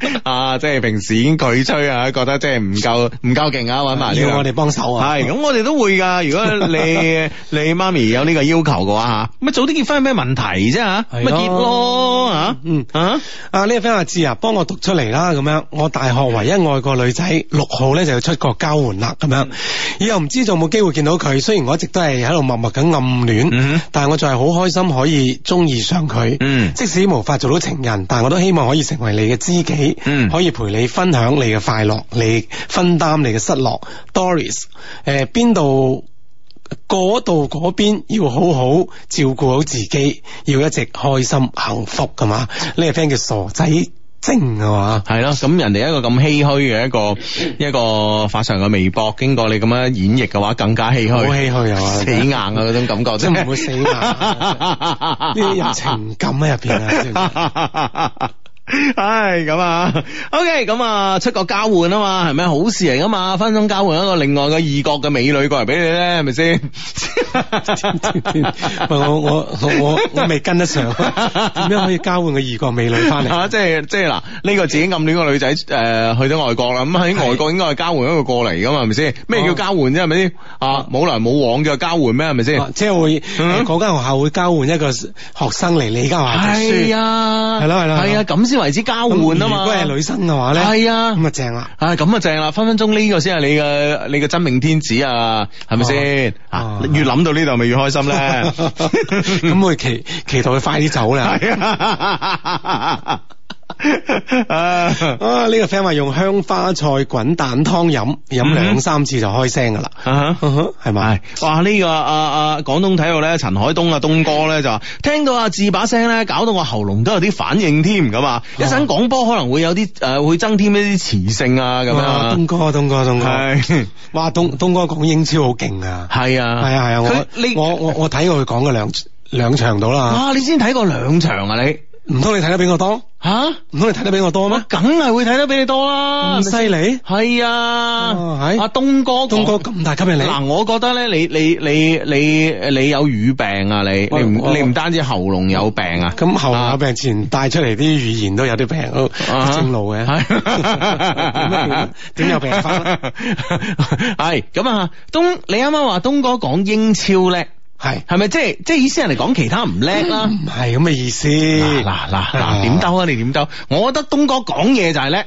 啊，即係平時已經佢吹啊，覺得即係唔夠唔夠勁啊，揾埋、這個、要我哋幫手啊，係咁 我哋都會噶。如果你你媽咪有呢個要求嘅話，咁咪 早啲結婚有咩問題啫、啊、吓？咪的結咯吓，嗯啊，啊呢個 friend 阿志啊，幫、啊、我讀出嚟啦，咁樣我大學唯一愛過女仔，六號咧就要出國交換啦，咁樣、嗯、以後唔知仲有冇機會見到佢。雖然我一直都係喺度默默咁暗戀，嗯、但係我仲係好開心可以中意上佢，嗯、即使無法做到情人，但係我都希望可以成為你嘅知己。嗯，可以陪你分享你嘅快樂，你分擔你嘅失落。Doris，誒、呃，邊度？嗰度？嗰邊？要好好照顧好自己，要一直開心幸福，㗎嘛？呢個 friend 叫傻仔精，係嘛、啊？係咯，咁人哋一個咁唏噓嘅一個一個發上嘅微博，經過你咁樣演繹嘅話，更加唏噓，好唏噓啊！死硬嘅嗰種感覺，即係唔會死硬，呢啲有情感喺入邊啊！ 唉，咁啊，OK，咁啊，出國交換啊嘛，係咪好事嚟噶嘛？分分鐘交換一個另外嘅異國嘅美女過嚟俾你咧，係咪先？我我我我未跟得上，點樣可以交換個異國美女翻嚟？即係即係嗱，呢個自己暗戀個女仔誒，去咗外國啦，咁喺外國應該係交換一個過嚟噶嘛？係咪先？咩叫交換啫？係咪先？啊，冇來冇往嘅交換咩？係咪先？即係會嗰間學校會交換一個學生嚟你家學校。係啊，係咯係咯，係啊，咁先。為之交換啊嘛，如果係女生嘅話咧，係啊，咁啊正啦，啊咁啊正啦，分分鐘呢個先係你嘅你嘅真命天子啊，係咪先？啊，啊啊越諗到呢度咪越開心咧，咁會祈祈禱佢快啲走啦。 是啊 啊、 uh，啊！呢個 friend、er、話用香花菜滾蛋湯飲飲兩三次就開聲噶啦，係咪？哇！呢、呢個阿阿廣東體育咧，陳海東啊東哥咧就話聽到阿志把聲咧，搞到我喉嚨都有啲反應添咁啊！一陣講波可能會有啲誒、呃，會增添一啲磁性啊咁樣。東哥，東哥，東哥，係是哇！東東哥講英超好勁啊！係啊，係啊，係啊！佢你我我我睇過佢講嘅兩兩場到啦。哇！你先睇過兩場啊， 啊你先睇過兩場啊？ 唔通你睇得比我多？吓？唔通你睇得比我多咩？梗係會睇得比你多啦！咁犀利？係啊，係阿東哥，東哥咁大吸引你。嗱，我覺得咧，你你你你你有語病啊！你你唔單止喉嚨有病啊，咁喉嚨有病自然帶出嚟啲語言都有啲病，都正路嘅。係，點有病法？係咁啊，東，你啱啱話東哥講英超叻。係係咪即係即係意思？人哋講其他唔叻啦，唔係咁嘅意思。嗱嗱嗱，點兜啊，啊你點兜，啊？我覺得東哥講嘢就係叻，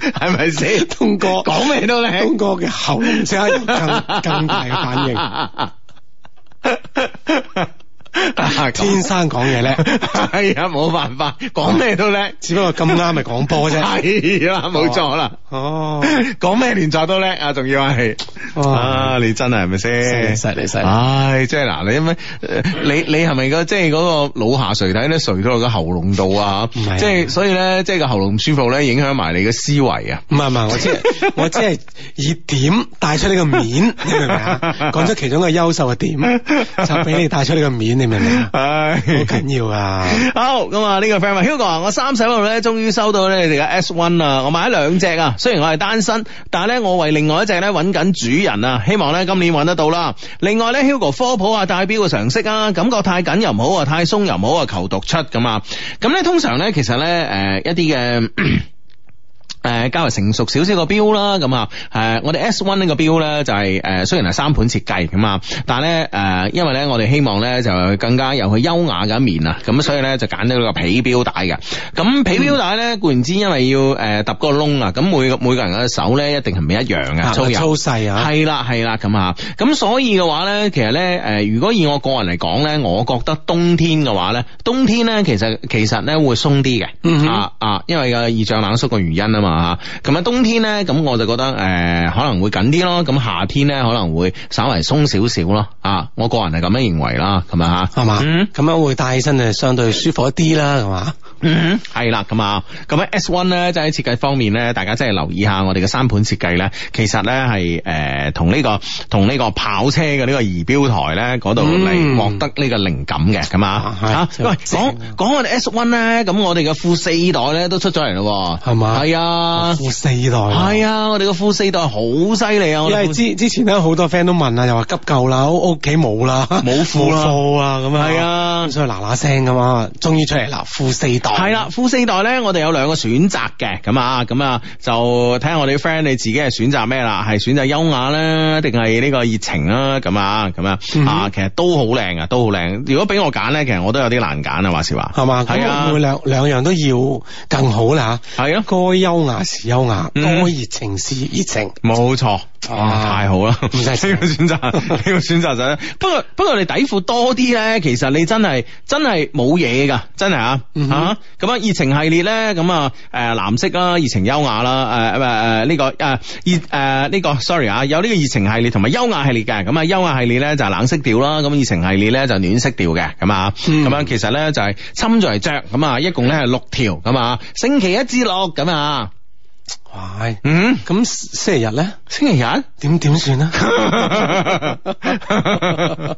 係咪先？東哥講咩都叻。東哥嘅喉嚨聲更更大嘅反應。 天生講嘢咧， 哎呀，冇辦法，講咩都叻， 只不過咁啱咪講波啫，係啦、 哎，冇錯啦，哦、oh.，講咩連雜都叻啊，仲要係，啊，你真係係咪先？犀利犀利，唉，即係嗱，你因咩？你你係咪個即係嗰個腦下垂體咧垂到落個喉嚨度啊？唔係，即係所以咧，即係個喉嚨唔舒服咧，影響埋你嘅思維啊？唔係唔係，我即係我即係以點帶出你個面，明唔明啊？講出 其中嘅優秀嘅點，就俾你帶出你個面。 啲名唉，好緊要啊！ 好，咁啊呢個 friend Hugo 我三十一號咧終於收到咧你哋嘅 S1 啦，我買咗兩隻啊，雖然我係單身，但係咧我為另外一隻咧揾緊主人啊，希望咧今年揾得到啦。另外咧，Hugo 科普啊戴錶嘅常識啊，感覺太緊又唔好啊，太鬆又唔好啊，求獨出咁啊。咁咧通常咧其實咧誒、呃、一啲嘅。 誒，較為成熟少少個表啦，咁啊，誒，我哋 S1 呢個表咧就係、是、誒、呃，雖然係三盤設計咁啊，但係咧誒，因為咧我哋希望咧就更加有佢優雅嘅一面啊，咁所以咧就揀咗個皮表帶嘅。咁皮表帶咧固然之因為要誒揼、呃、個窿啊，咁每個每個人嘅手咧一定係唔一樣對入啊，粗細啊，係啦係啦咁啊，咁所以嘅話咧，其實咧誒、呃，如果以我個人嚟講咧，我覺得冬天嘅話咧，冬天咧其實其實咧會鬆啲嘅，啊、嗯、哼啊，因為個熱脹冷縮嘅原因啊嘛。啊，咁啊冬天咧，咁我就覺得誒、呃、可能會緊啲咯，咁夏天咧可能會稍微鬆少少咯，啊，我個人係咁樣認為啦，咁咪吓，係嘛吧？嗯、咁樣會帶起身係相對舒服一啲啦，係嘛？嗯，係啦，咁啊，咁喺 S1 咧，即係喺設計方面咧，大家真係留意下我哋嘅三盤設計咧，其實咧係誒，同呢個同呢個跑車嘅呢個儀表台咧，嗰度嚟獲得呢個靈感嘅，咁啊吓，係，講講我哋 S1 咧，咁我哋嘅副四代咧都出咗嚟咯，係嘛？係啊，副四代，係啊，我哋嘅副四代好犀利啊！因為之之前咧好多 friend 都問啊，又話急救啦，屋企冇啦，冇副貨啊，咁啊，所以嗱嗱聲噶嘛，終於出嚟啦，副四代。係啦，富四代咧，我哋有兩個選擇嘅，咁啊，咁啊，就睇下我哋啲 friend 你自己係選擇咩啦，係選擇優雅咧，定係呢個熱情啦，咁啊，咁啊，啊，其實都好靚啊，都好靚。如果俾我揀咧，其實我都有啲難揀啊，話時話，係嘛？係啊，兩兩樣都要更好啦，係啊，該優雅時優雅，該熱情時熱情，冇錯，哇，太好啦，唔使呢個選擇，呢個選擇就，不過不過你底褲多啲咧，其實你真係真係冇嘢噶，真係啊，啊。咁啊，熱情系列咧，咁啊，誒，藍色啦，熱情優雅啦，誒、呃，誒、呃，誒、呢個，呢、呃呃呢個誒熱，誒，呢個，sorry 啊，有呢個熱情系列同埋優雅系列嘅，咁、呃、啊，優雅系列咧就係冷色調啦，咁熱情系列咧就暖色調嘅，咁、呃、啊，咁樣、嗯、其實咧就係侵住嚟着，咁啊，一共咧係六條，咁、呃、啊，星期一至六咁啊，呃、哇，嗯，咁星期日咧，星期日點點算啊？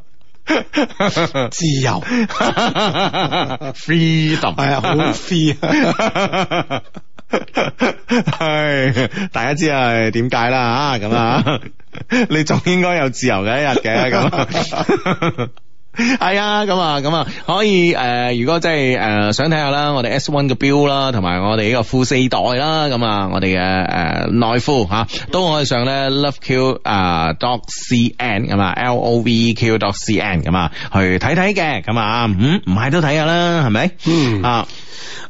自由，freedom 係啊，好 free，係，大家知係點解啦吓咁啊，你仲應該有自由嘅一日嘅咁。係啊，咁啊，咁啊，可以誒、呃，如果真係誒想睇下啦，我哋 s One 嘅表啦，同埋我哋呢個富四代啦，咁啊，我哋嘅誒內褲吓，都可以上咧 Love Q 啊 dot C N 咁啊，L O V Q、uh, dot C N 咁啊，去睇睇嘅，咁、嗯嗯嗯、啊，唔唔係都睇下啦，係咪、啊？嗯啊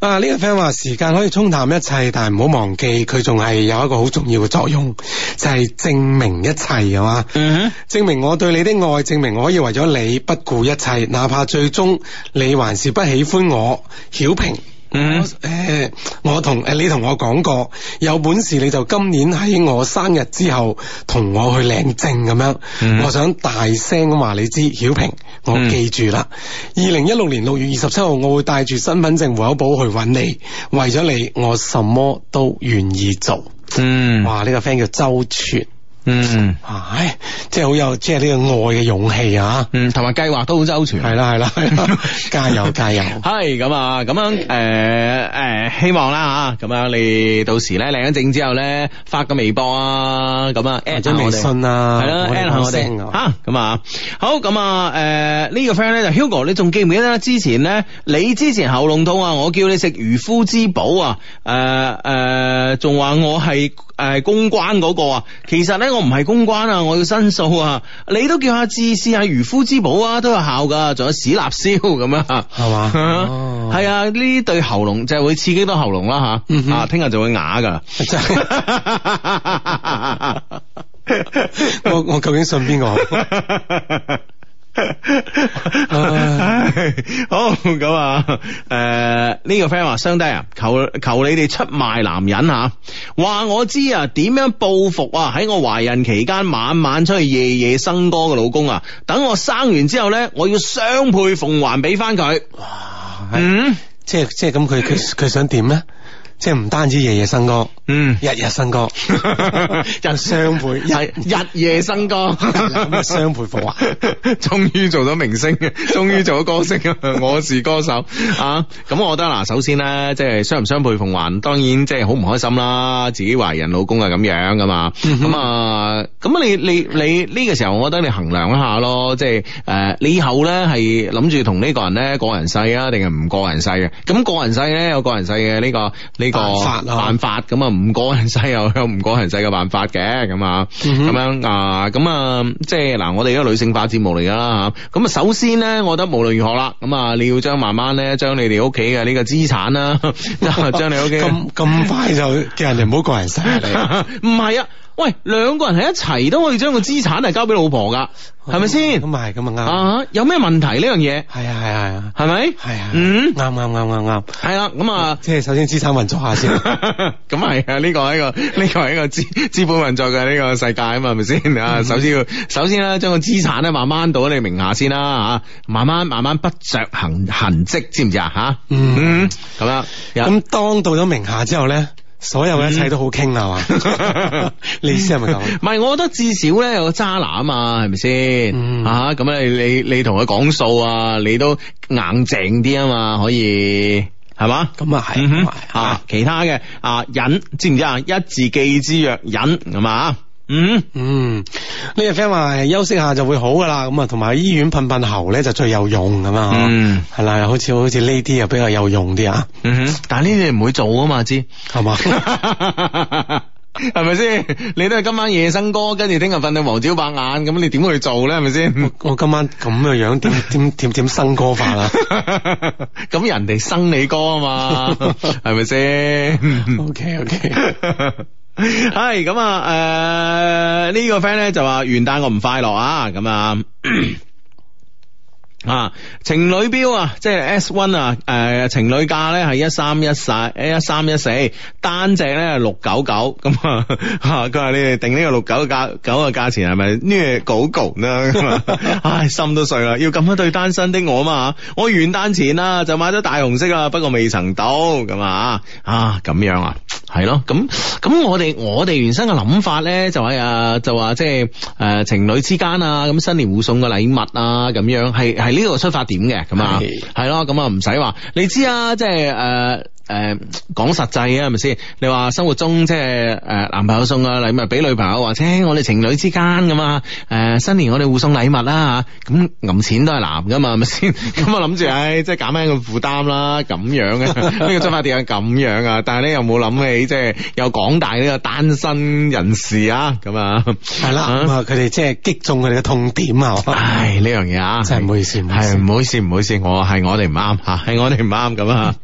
啊呢個 friend 話時間可以沖淡一切，但唔好忘記佢仲係有一個好重要嘅作用，就係、是、證明一切嘅嘛。嗯哼證明我對你的愛，證明我可以為咗你不負一切，哪怕最終你還是不喜歡我，曉平。嗯、mm.，誒、欸，我同誒、欸、你同我講過，有本事你就今年喺我生日之後同我去領證咁樣。Mm. 我想大聲咁話你知，曉平，我記住啦。二零一六年六月二十七號，我會帶住身份證戶口簿去揾你，為咗你，我什麼都願意做。嗯，mm. 哇，呢、這個 friend 叫周全。嗯唉，即係好有，即係呢個愛嘅勇氣啊，嗯，同埋計劃都好周全，係啦係啦，加油加油，係咁 啊，咁樣誒、啊、誒、呃呃，希望啦吓，咁啊，你到時咧領咗證之後咧，發個微博啊，咁啊誒，add 咗我哋，係啦 add 下我哋，吓、啊，咁啊，啊，好，咁啊，誒、呃，這個、呢個 friend 咧就 Hugo，你仲記唔記得之前咧，你之前喉嚨痛啊，我叫你食漁夫之寶啊，誒、呃、誒，仲、呃、話我係誒、呃、公關個啊，其實咧。我唔係公關啊，我要申訴啊！你都叫阿志試下漁夫之寶啊，都有效噶，仲有使立消咁樣，係嘛吧？係啊，呢對、啊、喉嚨就係、是、會刺激到喉嚨啦吓，啊、嗯哼，聽日就會啞噶。 我我究竟信邊個？ 嗯、 好咁誒，呢、呃這個 friend 話，雙低啊，求求你哋出賣男人吓、啊，話我知啊，點樣報復啊？喺我懷孕期間晚晚出去夜夜笙歌嘅老公啊，等我生完之後咧，我要雙倍奉還俾翻佢。哇嗯，即係即係咁，佢佢佢想點咧？即係唔單止夜夜笙歌，嗯，日日笙歌， 日雙倍輩，是日日夜笙歌，咁啊雙倍奉還，終於 做到明星，終於做到歌手， 我是歌手啊！咁我覺得嗱，首先咧，即係雙唔雙倍奉還，當然即係好唔開心啦，自己懷孕，老公係咁樣噶嘛，咁啊、嗯哼，咁你你你呢、這個時候，我覺得你衡量一下咯，即係誒，你以後咧係諗住同呢個人咧過人世啊，定係唔過人世嘅？咁過人世咧有過人世嘅呢個、這個，這個呢個法辦法咁啊，唔過人世又有唔過人世嘅辦法嘅，咁啊、嗯哼，咁樣啊，咁、呃、啊，即係嗱、呃，我哋而家女性化節目嚟噶啦咁啊，首先咧，我覺得無論如何啦，咁啊，你要將慢慢咧，將你哋屋企嘅呢個資產啦， 將你屋企咁咁快就叫人哋唔好過人世你。唔係 啊。喂，兩個人喺一齊都可以將個資產係交俾老婆噶，係咪先？咁咪係咁咪啱啊！有咩問題呢樣嘢？係啊係係啊，係咪？係啊，嗯，啱啱啱啱啱，係啦。咁啊，即係首先資產運作下先，咁係啊。呢個呢個呢個係一個資資本運作嘅呢個世界啊嘛，係咪先啊？首先要首先咧，將個資產咧慢慢到咗你名下先啦吓，慢慢慢慢不着痕痕跡，知唔知啊？吓，嗯，咁樣，咁當到咗名下之後咧。所有一切都好傾係嘛？ 你意思係咪咁？唔係， 我覺得至少咧有個渣男啊嘛，係咪先？嗯、啊，咁啊，你你同佢講數啊，你都硬淨啲啊嘛，可以係嘛？咁啊係啊，其他嘅啊忍，知唔知啊？一字記之曰忍，咁啊。嗯嗯，呢個 friend 話休息下就會好噶啦，咁啊同埋醫院噴噴喉咧就最有用咁啊，嗯係啦，好似好似呢啲又比較有用啲啊，但係呢啲唔會做啊嘛，知係嘛，係咪先？你都係今晚夜笙歌，跟住聽日瞓到黃朝白眼，咁你點去做咧？係咪先？我今晚咁嘅樣，點點點點生歌法啊？咁人哋生你歌啊嘛，係咪先？OK OK。係咁啊！誒，呢個 friend 咧就話元旦我唔快樂啊！咁啊。啊情侶表、呃嗯、啊，即係 s One 啊，誒情侶價咧係一三一四，一三一四單隻咧六九九咁啊，佢話你哋定呢個六九嘅價九嘅價錢係咪呢個九九啦？唉，心都碎啦，要咁樣對單身的我嘛，我元旦前啦就買咗大紅色啊，不過未曾到咁、嗯、啊啊咁樣啊，係咯，咁咁我哋我哋原生嘅諗法咧就係、是、啊就話即係誒情侶之間啊咁新年互送嘅禮物啊咁樣係係。呢個出發點嘅咁啊，係咯的，咁啊唔使話你知啊，即係誒。Uh 誒，講實際啊，係咪先？你話生活中即係誒，男朋友送禮物俾女朋友，或者、欸、我哋情侶之間咁啊？誒、欸，新年我哋互送禮物啦，咁揞錢都係男噶嘛，係咪先？咁、 嗯、我諗住，唉、哎，即係減輕個負擔啦，咁樣嘅。呢個出發點係咁樣啊，但係咧又冇諗起即係有廣大呢個單身人士啊，咁啊，係啦、 嗯，佢哋即係擊中佢哋嘅痛點啊，我覺得唉，呢樣嘢啊，真係是唔好意思，係唔好意思，唔好意思，我係我哋唔啱吓，係我哋唔啱咁啊。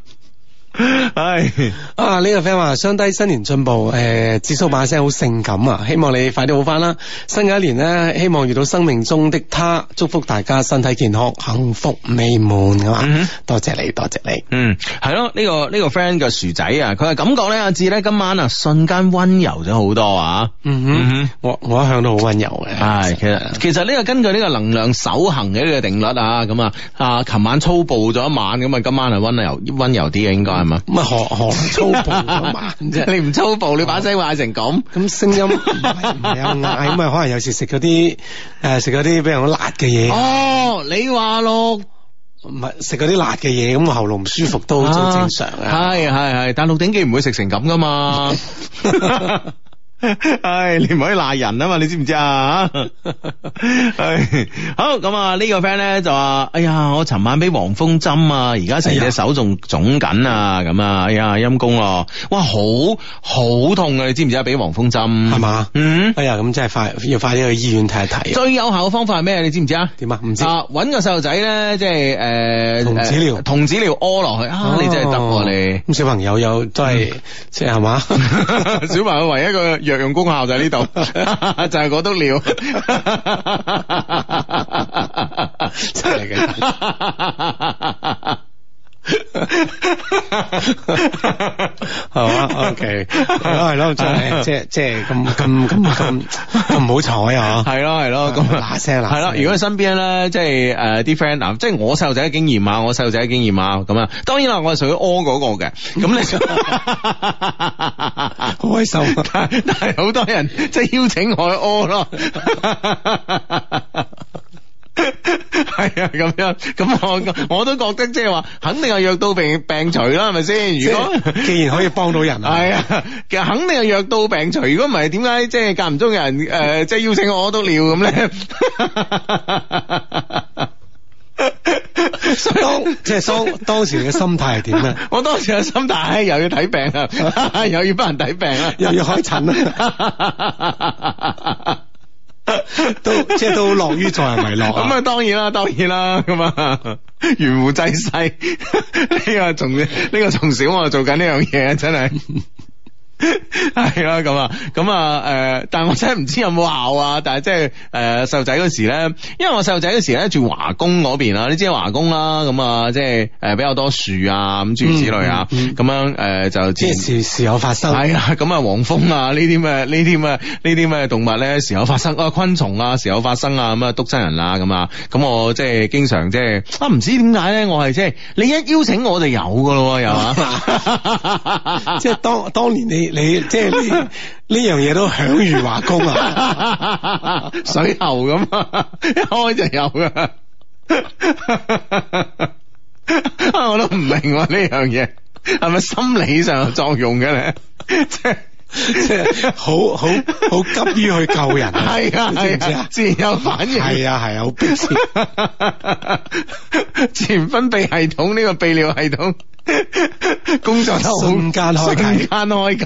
唉、哎、啊！呢、這個 friend 話雙低新年進步，誒、呃，指數把聲好性感啊！希望你快啲好返啦。新嘅一年咧，希望遇到生命中的他。祝福大家身體健康，幸福美滿啊！嘛、嗯，嗯、多謝你，多謝你。嗯，係咯，呢、這個呢、這個 friend 嘅薯仔啊，佢係感覺咧，阿志咧今晚啊，瞬間温柔咗好多啊！嗯哼，我我一向都好温柔嘅。係、哎，其實其實呢個根據呢個能量守恒嘅呢個定律啊，咁啊啊，琴、啊、晚粗暴咗一晚，咁啊，今晚係温柔温柔啲嘅應該。係嘛？唔係何何粗暴啫？你唔粗暴，你把聲嗌成咁，咁聲音唔係唔係嗌咁啊？可能 有，有，有，有時食嗰啲誒，食嗰啲比較辣嘅嘢。哦，你話咯，唔係食嗰啲辣嘅嘢，咁喉嚨唔舒服都好正常啊。係係係，但鹿鼎記唔會食成咁噶嘛。 唉，你唔可以賴人啊嘛，你知唔知啊？吓， 係好咁啊，個呢個 friend 咧就話：，哎呀，我尋晚俾黃蜂針啊，而家成隻手仲腫緊啊，咁啊，哎呀，陰公咯，哇，好好痛啊，你知唔知啊？俾黃蜂針係嘛？吧嗯，哎呀，咁真係快，要快啲去醫院睇一睇。最有效嘅方法係咩？你知唔知啊？點啊？唔知啊？搵個細路仔咧，即係誒，童子尿，童子尿屙落去啊！你真係得喎你。咁小朋友又，真、就、係、是，即係係嘛？小朋友唯一個。 藥用功效就喺呢度， 就係嗰度料。係 嘛 好？OK，係咯，係咯，真係即係即係咁咁咁咁咁唔好彩啊！係咯，係咯，咁嗱些嗱，係啦。如果你身邊咧，即係誒啲 friend 啊，即、呃、係、就是、我細路仔經驗啊，我細路仔經驗啊，咁啊，當然啦，我係屬於屙嗰個嘅。咁你就好開心 鬆、啊？ 但係好多人即係邀請我去屙咯。 係 啊，咁樣，咁我我都覺得即係話，肯定係藥到病病除啦，係咪先？如果 既然可以幫到人，係啊，其實、 啊、肯定係藥到病除。如果唔係，點解即係間唔中有人誒，即、呃、係邀請我督尿咁咧？ 當即係、就是、當時嘅心態係點咧？ 我當時嘅心態又要睇病啊，又要幫 人睇病啊， 又要開診啊。 都即係都樂於助人為樂咁啊、 嗯、當然啦，當然啦，咁啊懸壺濟世呢 個仲呢、呢個從小我就做緊呢樣嘢啊！真係。 係 啦，咁啊，咁啊，誒，但係我真係唔知有冇效啊！但係即係，誒、呃，細路仔嗰時咧，因為我細路仔嗰時咧住華工嗰邊啊，你知華工啦，咁啊，即係誒比較多樹啊，咁諸如此類啊，咁、嗯嗯、樣誒就即係時有發生。係啊，咁啊，黃蜂啊，呢啲咩，呢啲咩，呢啲咩動物咧，時有發、啊、發生啊，昆蟲啊，時有發生啊，咁啊，督親人啊，咁、就是、啊，咁我即係經常即係啊，唔知點解咧，我係即係你一邀請我就有噶咯，又啊， 即係當當年你。 你即係呢樣嘢都享如華宮啊，水喉咁一,一開就有噶、 啊，我都唔明呢樣嘢係咪心理上有作用嘅咧？即係即係好好好，好急於去救人，係啊係啊，知知自然有反應，係啊係啊，好迫切，自然分泌系統呢、這個泌尿系統。 工作都好，瞬間開啟、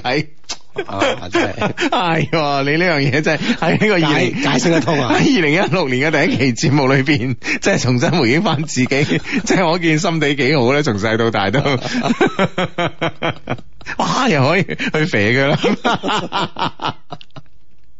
哎，啊真係，係你呢樣嘢真係喺呢個20，解解釋得通。喺二零一六年嘅第一期節目裏邊，即係重新回應翻自己， 即係我見心地幾好咧，從細到大都， 哇，又可以去肥佢啦。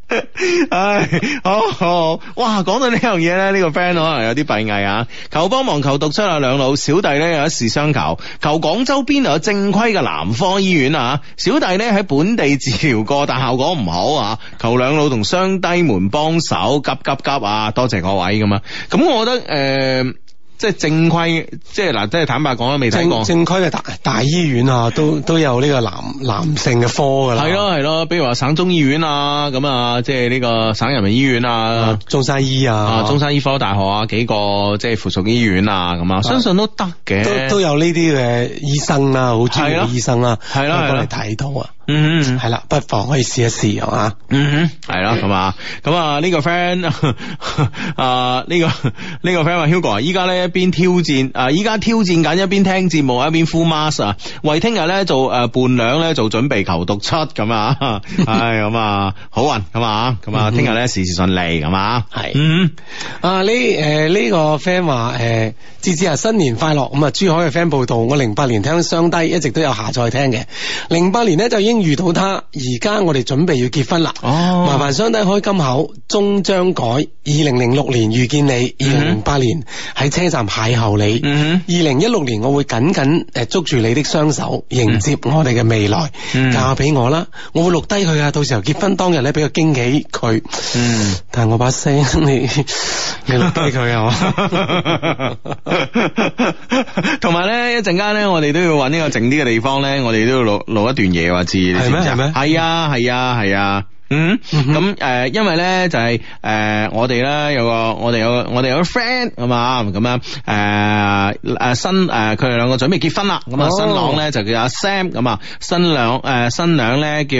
唉，好好好，哇！講到呢樣嘢呢，呢、這個 friend 可能有啲閉翳啊，求幫忙求讀出阿兩老小弟呢，有一事相求，求廣州邊度有正規嘅男科醫院啊，小弟呢，喺本地治療過，但效果唔好啊，求兩老同雙低門幫手急急急啊！多謝各位咁啊，咁、嗯、我覺得誒。呃即係正，正規，即係嗱，即係坦白講啦，未聽過。正正規嘅大大醫院啊，都都有呢個男男性嘅科㗎啦。係咯係咯，比如話省中醫院啊，咁啊，即係呢個省人民醫院啊，中山醫啊，啊，中山醫科大學啊幾個即係附屬醫院啊咁啊，相信都得嘅、啊啊，都都有呢啲嘅醫生啦、啊，好專業嘅醫生啦，過嚟睇到啊。嗯，係啦、mm hmm.，不妨可以試一試，係嘛、mm，嗯、hmm.，哼、啊，係咯、啊，係、這、嘛、個，咁啊、呃這個這個、呢個 friend，啊呢個呢個 friend 話，Hugo 依家咧一邊挑戰，啊依家挑戰緊一邊聽節目，一邊 full mask 啊，為聽日咧做誒伴娘咧做準備，求讀七咁啊，唉、啊，咁 啊，好運咁啊，咁啊聽日咧事事順利，係啊，係的，嗯，啊呢誒呢個 friend 話，誒芝芝啊，智智啊新年快樂，咁啊珠海嘅 friend 報道，我零八年聽雙低，一直都有下載聽嘅，零八年咧就已經。遇到他，而 家我哋準備要結婚啦。哦，麻煩收低開金口，終將改。二零零六年遇見你，二零零八年喺車站邂逅你。嗯，二零一六年我會緊緊誒捉住你的雙手，迎接我哋嘅未來。嫁俾我啦，我會錄低佢啊，到時候結婚當日咧，俾個驚喜佢。嗯，但係我把聲你，你錄低佢啊嘛？同埋咧，一陣間咧，我哋都要揾呢個靜啲嘅地方咧，我哋都要錄錄一段嘢話字。係咩？係嗎啊，係啊，係啊，係啊。嗯，咁誒、嗯哼呃，因為咧就係、是、誒、呃，我哋咧有個，我哋有個我哋有個 friend 係嘛，咁樣誒誒、呃、新誒，佢哋兩個準備結婚啦。咁啊，新郎咧就叫阿 Sam，咁啊，新娘誒新娘咧、呃、叫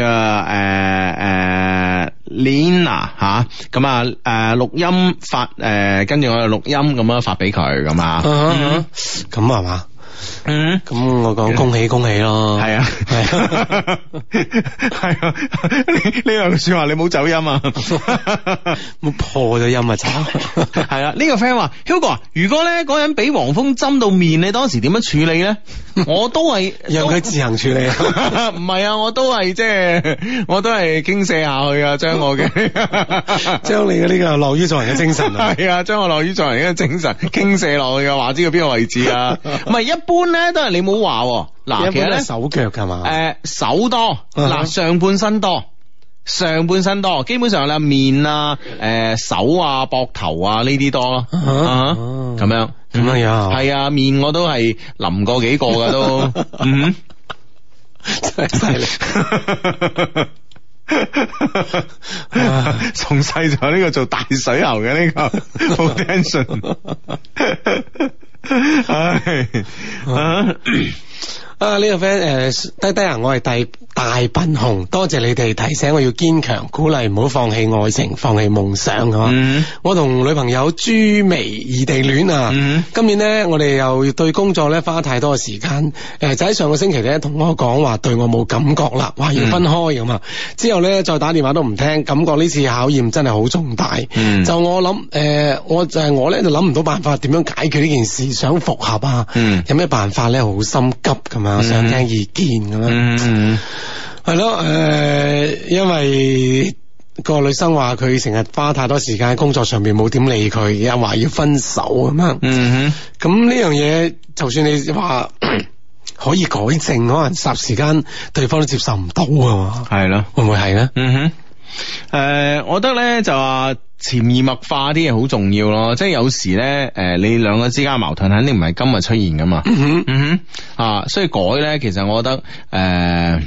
誒誒 Lina 吓，咁、呃呃、啊誒錄、呃、音發誒、呃，跟住我哋錄音咁樣發俾佢咁啊，嗯哼，咁係嘛？嗯，咁我講恭喜恭喜咯，係啊，係啊，係啊，呢樣說話你冇走音啊， 冇破咗音啊，慘，係啊，呢、這個 friend 話，Hugo，如果咧嗰人俾黃蜂針到面，你當時點樣處理咧？我都係讓佢自行處理，唔 係啊！我都係即係，我都係傾瀉下去啊。將我嘅將 你嘅呢、這個樂於助人嘅精神，係 啊，將我樂於助人嘅精神傾瀉落去啊！話知佢邊個位置啊？唔係一般咧，都係你冇話，嗱其實咧手腳㗎嘛？誒，手多嗱， 上半身多。上半身多，基本上咧面、呃、啊、誒，手啊、膊頭啊呢啲多咯，啊咁樣，咁啊呀，係啊面我都係淋過幾個噶都， 嗯，真係犀利，從細 就呢個做大水喉嘅呢個好 tension 啊呢個 friend 誒、呃，低低人、啊、我係大大笨熊，多謝你哋提醒我要堅強，鼓勵唔好放棄愛情、放棄夢想咁啊！Mm hmm. 我同女朋友朱眉異地戀啊，mm hmm. 今年呢，我哋又對工作咧花太多嘅時間，誒、呃、就喺上個星期咧同我講話對我冇感覺啦，話要分開咁啊！Mm hmm. 之後咧再打電話都唔聽，感覺呢次考驗真係好重大。Mm hmm. 就我諗誒、呃，我就係、呃、我咧就諗唔到辦法點樣解決呢件事，想復合啊！有咩辦法咧？好心急咁我、mm hmm. 想聽意見咁樣，係咯、mm？誒、hmm. 呃，因為個女生話佢成日花太多時間喺工作上面，冇點理佢，又話要分手咁、mm hmm. 樣。嗯哼，咁呢樣嘢就算你話 可以改正，可能霎時間對方都接受唔到啊嘛。係咯、mm，hmm. 會唔會係咧？嗯哼、mm，誒、hmm. uh,，我覺得咧就話。潛移默化啲嘢好重要咯，即係有時咧，誒、呃，你兩個之間矛盾肯定唔係今日出現噶嘛，嗯哼，啊，所以改咧，其實我覺得，誒、呃，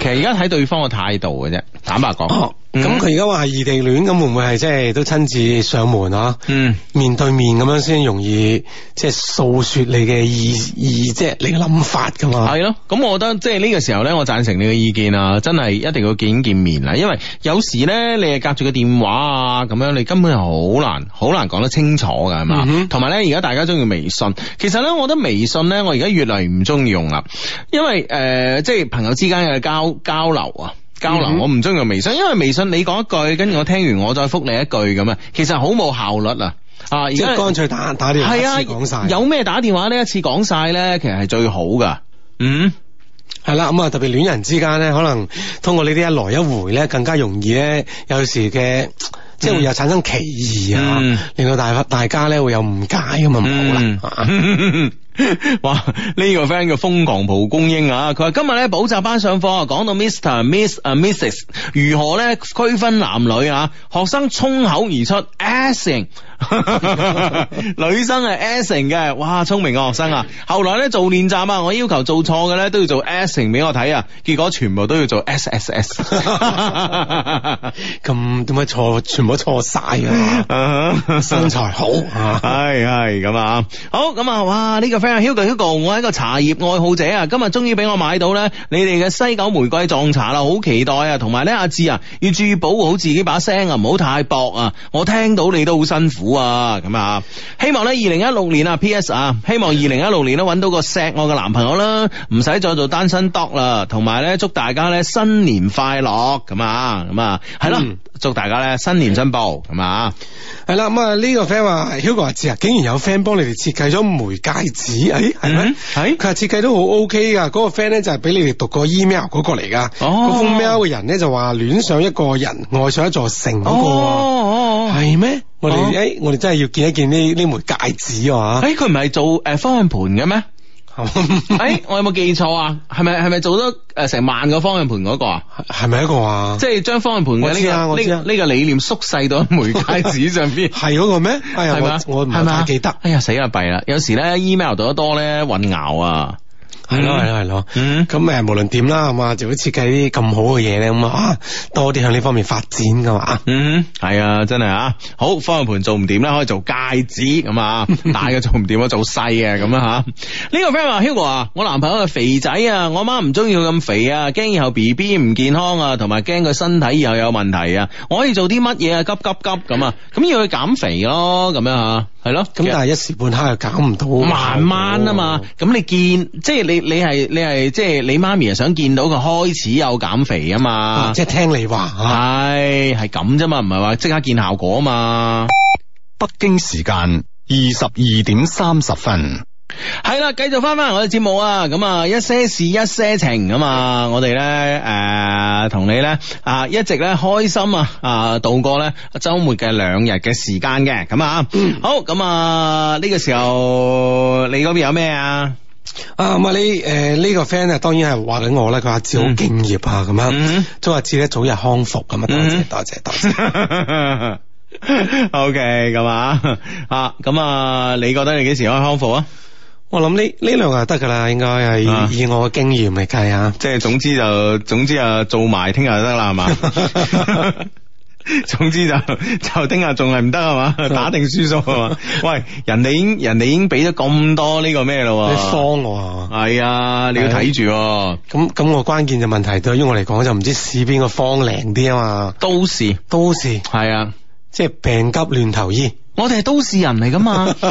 其實而家睇對方嘅態度嘅啫，坦白講。哦。咁佢而家話係異地戀，咁會唔會係即係都親自上門啊？嗯，面對面咁樣先容易，即係訴說你嘅意意即係你嘅諗法噶嘛？係咯，咁我覺得即係呢個時候咧，我贊成你嘅意見啊，真係一定要見見面啊！因為有時咧你係隔住個電話啊，咁樣你根本係好難好難講得清楚噶，係嘛？同埋咧，而家大家中意微信。其實咧，我覺得微信咧，我而家越嚟唔中意用啦，因為誒、呃，即係朋友之間嘅交交流啊。交流、mm hmm. 我唔中意用微信，因為微信你講一句，跟住我聽完我再覆你一句咁啊，其實好冇效率啊！啊，即係乾脆打打電話一、啊、次講晒，有咩打電話呢？一次講晒咧，其實係最好噶。嗯、mm，係、hmm. 啦，咁啊特別戀人之間咧，可能通過呢啲一來一回咧，更加容易咧，有時嘅、mm hmm. 即係會有產生歧義啊，mm hmm. 令到大大家咧會有誤解咁啊，唔好啦。Mm hmm. 哇！呢、這個 friend 叫瘋狂蒲公英啊，佢話今日咧補習班上課啊，講到 Mr、Miss 啊、Misses 如何咧區分男女啊，學生衝口而出，asing。As 女生係 A 成嘅，哇，聰明嘅學生啊！後來咧做練習啊，我要求做錯嘅咧都要做 A 成俾我睇啊，結果全部都要做、SS、S S S，咁點解錯全部錯晒啊？ 身材好，係係咁啊！好咁啊，哇！呢、呢個 friend Hugo Hugo，我係一個茶葉愛好者啊，今日終於俾我買到咧，你哋嘅西九玫瑰撞茶啦，好期待啊！同埋呢阿志啊，要注意，要注意保護好自己把聲啊，唔好太薄啊，我聽到你都好辛苦。好啊，咁啊，希望咧，二零一六年啊，PS 啊，希望二零一六年都揾到個錫我嘅男朋友啦，唔使再做單身 dog 啦，同埋咧，祝大家咧新年快樂，咁啊，咁啊，係咯， 祝大家咧新年進步，咁啊，係啦，咁啊，呢、 OK 那個 friend 話，Hugo 阿志啊，竟然有 friend 幫你哋設計咗枚戒指，誒，係咪？係佢話設計都好 OK 噶，嗰個 friend 咧就係俾你哋讀個 email 嗰個嚟噶，哦，嗰封 mail 嘅人咧就話戀上一個人，愛上一座城個、哦。係咩？我哋誒，我哋真係要見一見呢呢枚戒指啊！誒、欸，佢唔係做誒、呃、方向盤嘅咩？誒、 欸，我有冇記錯啊？係咪係咪做咗誒、呃、成萬個方向盤嗰個啊？係咪一個啊？即係將方向盤嘅呢個呢、啊啊這個這個理念縮細到一枚戒指上邊，係嗰 個咩？係、哎、嘛？我唔係嗎太記得。哎呀，死啦，弊啦！有時咧 email 讀得多咧混淆啊！係咯係咯係咯，咁誒，無論點啦，係嘛，就會設計啲咁好嘅嘢咧，咁啊，多啲向呢方面發展噶嘛，嗯哼，係啊，真係啊，好，方向盤做唔掂啦，可以做戒指咁啊， 大嘅做唔掂，啊，做細嘅咁啊吓，呢個 friend 話 Hugo 啊，我男朋友係肥仔啊，我媽唔中意佢咁肥啊，驚以後 B B 唔健康啊，同埋驚佢身體以後有問題啊，我可以做啲乜嘢啊？急急急咁啊，咁要去減肥咯，咁樣吓。係咯，咁但係一時半刻又搞唔到，慢慢啊嘛。咁你見，即係你你係你係即係你媽咪係想見到佢開始有減肥啊嘛。哦、即係聽你話，唉、哎，係咁啫嘛，唔係話即刻見效果啊嘛。北京時間二十二點三十分。係啦，繼續翻翻我哋節目啊，咁啊一些事一些情，咁啊我哋咧誒同你咧啊一直咧開心啊啊度過咧周末嘅兩日嘅時間嘅，咁啊好咁啊呢個時候你嗰邊有咩啊啊咁啊你誒呢個 friend 啊當然係話俾我啦，佢話阿志好敬業啊咁樣，祝阿志咧早日康復，咁啊多謝多謝多謝，OK 咁啊啊咁啊你覺得你幾時可以康復啊？我諗呢呢兩個得噶啦，應該係以、啊、以，以我嘅經驗嚟計吓。即係總之就總之啊，做埋聽日就得啦，係嘛？總之就就聽日仲係唔得啊嘛？Episode, 打定輸數啊嘛？喂、欸， 人哋已人哋已經俾咗咁多呢、這個咩咯？方啊，係啊、哎，你要睇住、啊。咁咁，我關鍵嘅問題對於我嚟講就唔知試邊個方靚啲啊嘛？都市是，都市係啊，呀即係病急亂投醫。我哋係都市人嚟噶嘛？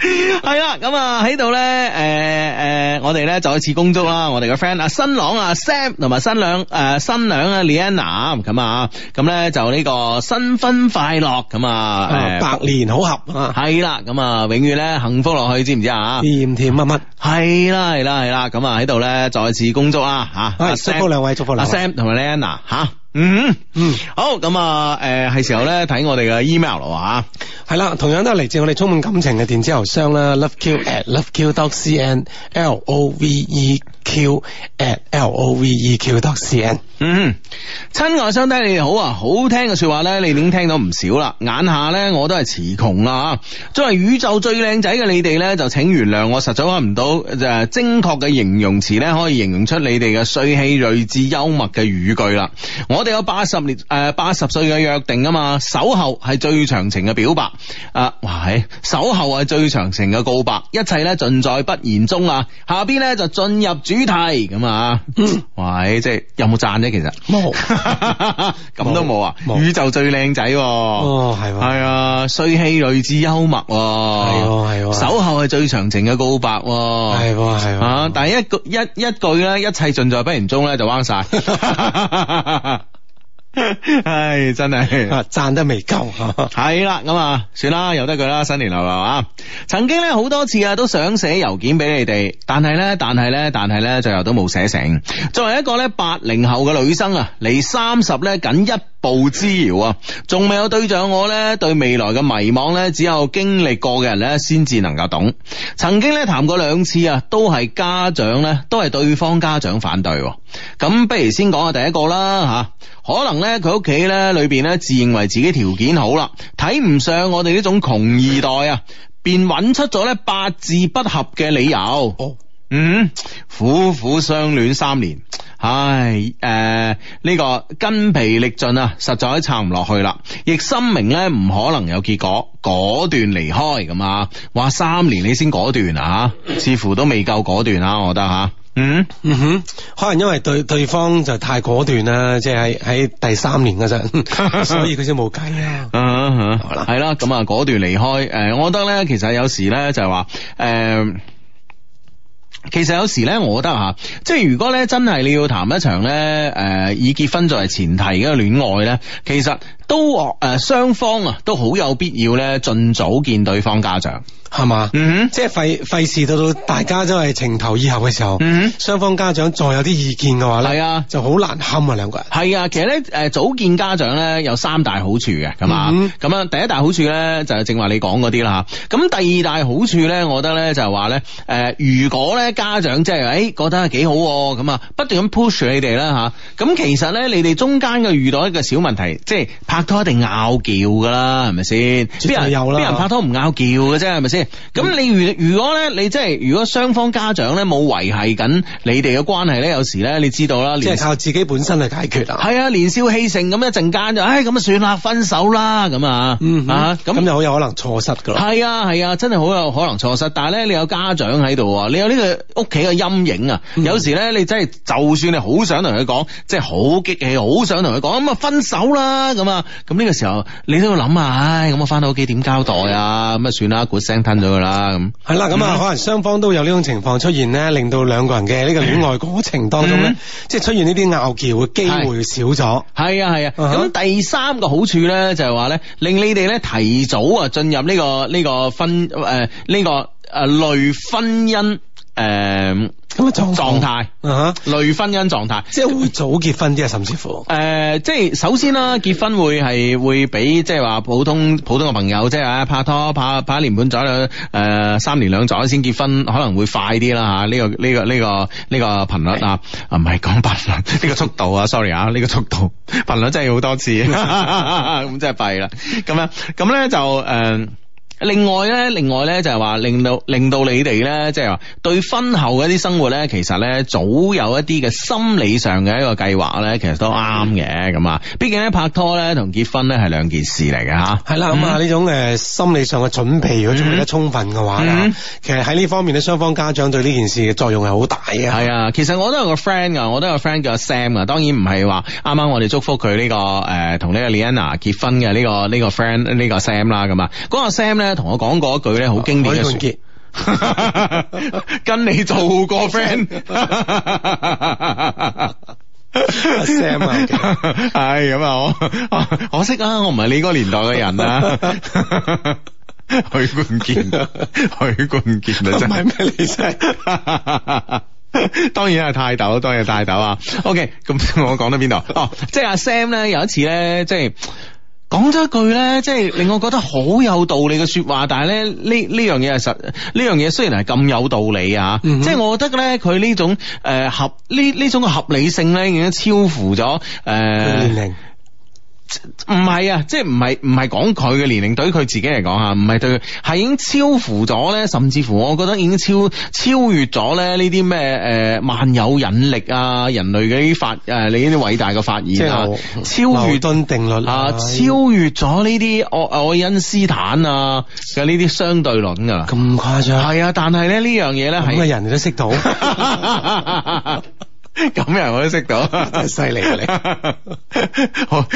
係 啦， 咁啊喺度咧，誒、呃、誒，我哋咧再次恭祝啦，我哋嘅 friend 啊，新郎啊 Sam 同埋新兩誒新娘啊 Liana，咁啊，咁咧就呢個新婚快樂，咁啊百年好合，係啦，咁啊永遠咧幸福落去，知唔知啊？甜甜蜜蜜，係啦係啦係啦，咁啊喺度咧再次恭祝啊吓，啊祝福兩位，啊、祝福阿、啊、Sam 同埋 Liana 吓、啊。嗯嗯，好咁啊，誒，係、嗯、時候咧睇我哋嘅 email 咯。吓，係啦，同樣都係嚟自我哋充滿感情嘅電子郵箱啦，loveq at loveq dot cn，l o v e。Q L O V E Q dot C N 嗯。嗯，親愛嘅兄弟你哋好啊，好聽嘅說話咧，你已經聽到唔少啦。眼下咧，我都係詞窮啦吓。作為宇宙最靚仔嘅你哋咧，就請原諒我實在搵唔到誒，精確嘅形容詞咧，可以形容出你哋嘅帥氣睿智幽默嘅語句啦。我哋有八十年誒，八十歲嘅約定啊嘛，守候係最長情嘅表白。啊、呃，哇守候係最長情嘅告白，一切咧盡在不言中啊。下邊咧就進入主主題咁啊， 喂，即係有冇讚啫？其實冇，咁有 都冇啊！有宇宙最靚仔，係嘛？係啊，衰氣睿智幽默、啊，係喎係喎，守候係最長情嘅告白、啊，係喎係啊，但係一,一,一,一句一一句咧，一切盡在不言中咧，就彎晒。唉、 哎，真係啊，賺得未夠係啦咁啊，算啦，由得佢啦。新年流流啊，曾經咧好多次啊都想寫郵件俾你哋，但係咧，但係咧，但係咧，最後都冇寫成。作為一個咧八零後嘅女生啊，離三十咧僅一。步之遙啊，仲未有對象。我呢對未來嘅迷茫呢，只有經歷過嘅人呢先至能夠懂。曾經呢談過兩次啊，都係家長呢，都係對方家長反對。咁不如先講下第一個啦吓，可能呢，佢屋企呢裏邊呢，自認為自己條件好啦，睇唔上我哋呢種窮二代啊，便揾出咗呢八字不合嘅理由哦。嗯，苦苦相戀三年，唉，誒、呃，呢、這個筋疲力盡啊，實在都撐唔落去啦。亦心明深明咧唔可能有結果，果斷離開咁啊！話三年你先果斷啊，似乎都未夠果斷啊，我覺得吓。嗯，嗯哼，可能因為對對方就太果斷啦，即係喺第三年嗰陣， 所以佢先冇計啊。啊啊、 嗯，係係啦，咁啊果斷離開。誒，我覺得咧，其實有時咧就係、是、話，誒、呃。其實有時咧，我覺得吓，即係如果咧真係你要談一場咧，誒、呃、以結婚作為前提嘅戀愛咧，其實都誒雙、呃、方啊都好有必要咧，盡早見對方家長。係嘛，嗯哼，即係費費事到到大家真係情投意合嘅時候，嗯哼，雙方家長再有啲意見嘅話咧，係啊，就好難堪啊兩個人。係啊，其實咧，誒，早見家長咧有三大好處嘅，係嘛，咁啊、嗯，第一大好處咧就係正話你講嗰啲啦吓，咁第二大好處咧，我覺得咧就係話咧，誒，如果咧家長即係誒覺得係幾好咁啊，不斷咁 push 你哋啦吓，咁、啊、其實咧你哋中間嘅遇到一個小問題，即係拍拖一定拗撬噶啦，係咪先？邊人邊人拍拖唔拗撬嘅啫，係咪先？咁你如如果咧，你即係如果雙方家長咧冇維繫緊你哋嘅關係咧，有時咧，你知道啦，即係靠自己本身去解決、嗯、啊。係、嗯、啊，年少氣盛咁一陣間就唉，咁啊算啦，分手啦咁啊，嗯啊，咁咁就好有可能錯失噶。係啊係啊，真係好有可能錯失。但係咧，你有家長喺度，啊，你有呢個屋企嘅陰影啊。嗯、有時咧，你真係就算你好想同佢講，即係好激氣，好想同佢講咁啊分手啦咁啊。咁呢個時候你都要諗下唉，咁啊，翻到屋企點交代啊？咁啊算啦，鼓聲。吞咗噶啦咁，係啦咁啊，可能雙方都有呢種情況出現咧，令到兩個人嘅呢個戀愛過程當中咧，嗯、即係出現呢啲拗撬嘅機會少咗。係啊係啊，咁、uh huh. 第三個好處咧就係話咧，令你哋咧提早啊進入呢、呢個呢、呢個婚誒呢個誒、呃、類婚姻誒。呃咁嘅狀狀態啊，類婚姻狀態，即係會早結婚啲啊，甚至乎誒，uh, 即係首先啦，結婚會係會比即係話普通普通嘅朋友即係吓拍拖拍拍一年半載誒、呃，三年兩載先結婚，可能會快啲啦吓，呢、啊呢個呢、呢個呢、呢個呢、呢個頻率啊啊，唔係講頻率，呢、呢個速度啊，sorry 啊，呢個速度頻率真係好多次，咁真係弊啦，咁樣咁咧就誒。Uh, 另外咧，另外咧就係話令到令到你哋咧，即係話對婚後嗰啲生活咧，其實咧早有一啲嘅心理上嘅一個計劃咧，其實都啱嘅。咁啊、嗯，畢竟咧拍拖咧同結婚咧係兩件事嚟嘅吓。係啦、嗯，咁啊呢種誒心理上嘅準備如果準備得充分嘅話，嗯嗯、其實喺呢方面咧，雙方家長對呢件事嘅作用係好大嘅。係啊、嗯嗯嗯，其實我都有個 friend 噶，我都有個 friend 叫阿 Sam 啊，當然唔係話啱啱我哋祝福佢呢個誒同呢個 Liana 結婚嘅呢個呢、呢個 friend 呢、呢個 Sam 啦。咁啊，個 Sam 咧。同我講過一句咧，好經典嘅說，啊、跟你做過 friend，Sam 係咁啊，Sam, okay 哎、我可惜啊，我唔係你嗰個年代嘅人啊，許 冠傑，許冠傑真係咩嚟啫，當然係泰斗，當然泰斗啊。OK，咁我講到邊度？哦、oh，即係阿 Sam 咧，有一次咧，即係。講咗一句咧，即係令我覺得好有道理嘅說話，但係咧呢呢樣嘢係實，呢樣嘢雖然係咁有道理啊，嗯、哼即係我覺得咧佢呢種誒、呃、合呢呢種嘅合理性咧已經超乎咗誒。呃年齡唔係啊，即係唔係唔係講佢嘅年齡，對於佢自己嚟講吓，唔係對佢，係已經超乎咗咧，甚至乎我覺得已經超超越咗咧呢啲咩誒萬有引力啊，人類嘅啲發誒你呢啲偉大嘅發現啊，超越頓定律啊，超越咗呢啲愛愛因斯坦啊嘅呢啲相對論噶啦，咁誇張，係啊，但係咧呢樣嘢咧，咁嘅人哋都識到。 咁樣我都識到，犀利啊你！係 好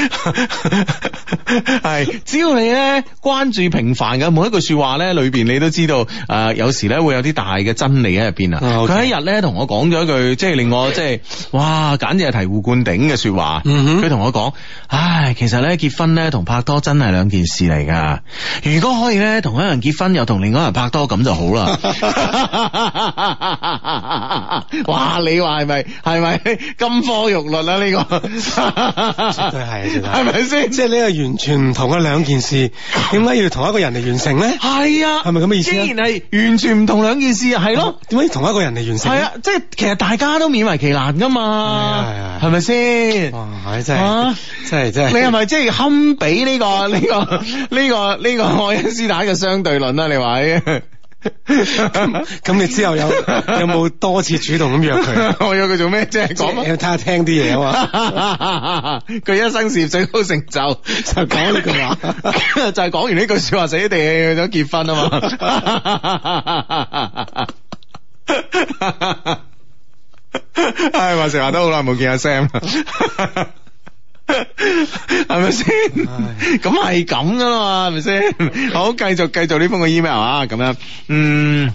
只要你咧關注平凡嘅每一句說話咧，裏邊你都知道。誒、呃，有時咧會有啲大嘅真理喺入邊啊。佢一日咧同我講咗一句，即係令我即係哇，簡直係醍醐灌頂嘅說話。佢同、嗯、哼我講，唉，其實咧結婚咧同拍拖真係兩件事嚟噶。如果可以咧同一個人結婚又同另外一個人拍拖，咁就好啦。 哇！你話係咪？係咪金科玉律啊？呢、這個絕對係，係咪先？是是即係呢個完全唔同嘅兩件事，點解 要同一個人嚟完成咧？係啊，係咪咁嘅意思？既然係完全唔同兩件事啊？係咯、啊？點解要同一個人嚟完成？係啊，即係其實大家都勉為其難噶嘛，係咪先？哇！真係，真係真係。你係咪即係堪比呢個呢、這個呢、這個呢、這個愛因斯坦嘅相對論啊？你話咁 你之後有有冇多次主動咁約佢？ 我約佢做咩即啫？講啊，聽下聽啲嘢啊嘛。佢一生事業最高成就就講、是、呢 句話，就係講完呢句說話死地去咗結婚啊嘛。唉、 哎，話成話都好耐冇見阿 Sam。 係咪先？咁係咁噶啦嘛，係咪先？ 好，繼續繼續呢封個 email 啊，咁樣，嗯，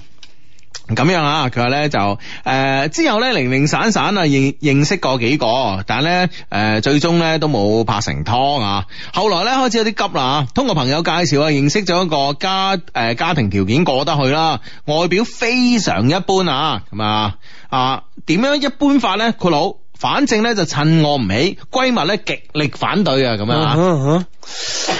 咁樣啊，佢話咧就誒、呃、之後咧零零散散啊認認識過幾個，但係咧誒、呃、最終咧都冇拍成拖啊。後來咧開始有啲急啦啊，通過朋友介紹啊認識咗一個家誒、呃、家庭條件過得去啦，外表非常一般啊，咁啊啊點樣一般法咧？佢老。反正咧就趁我唔起，閨蜜咧極力反對啊，咁樣啊，huh.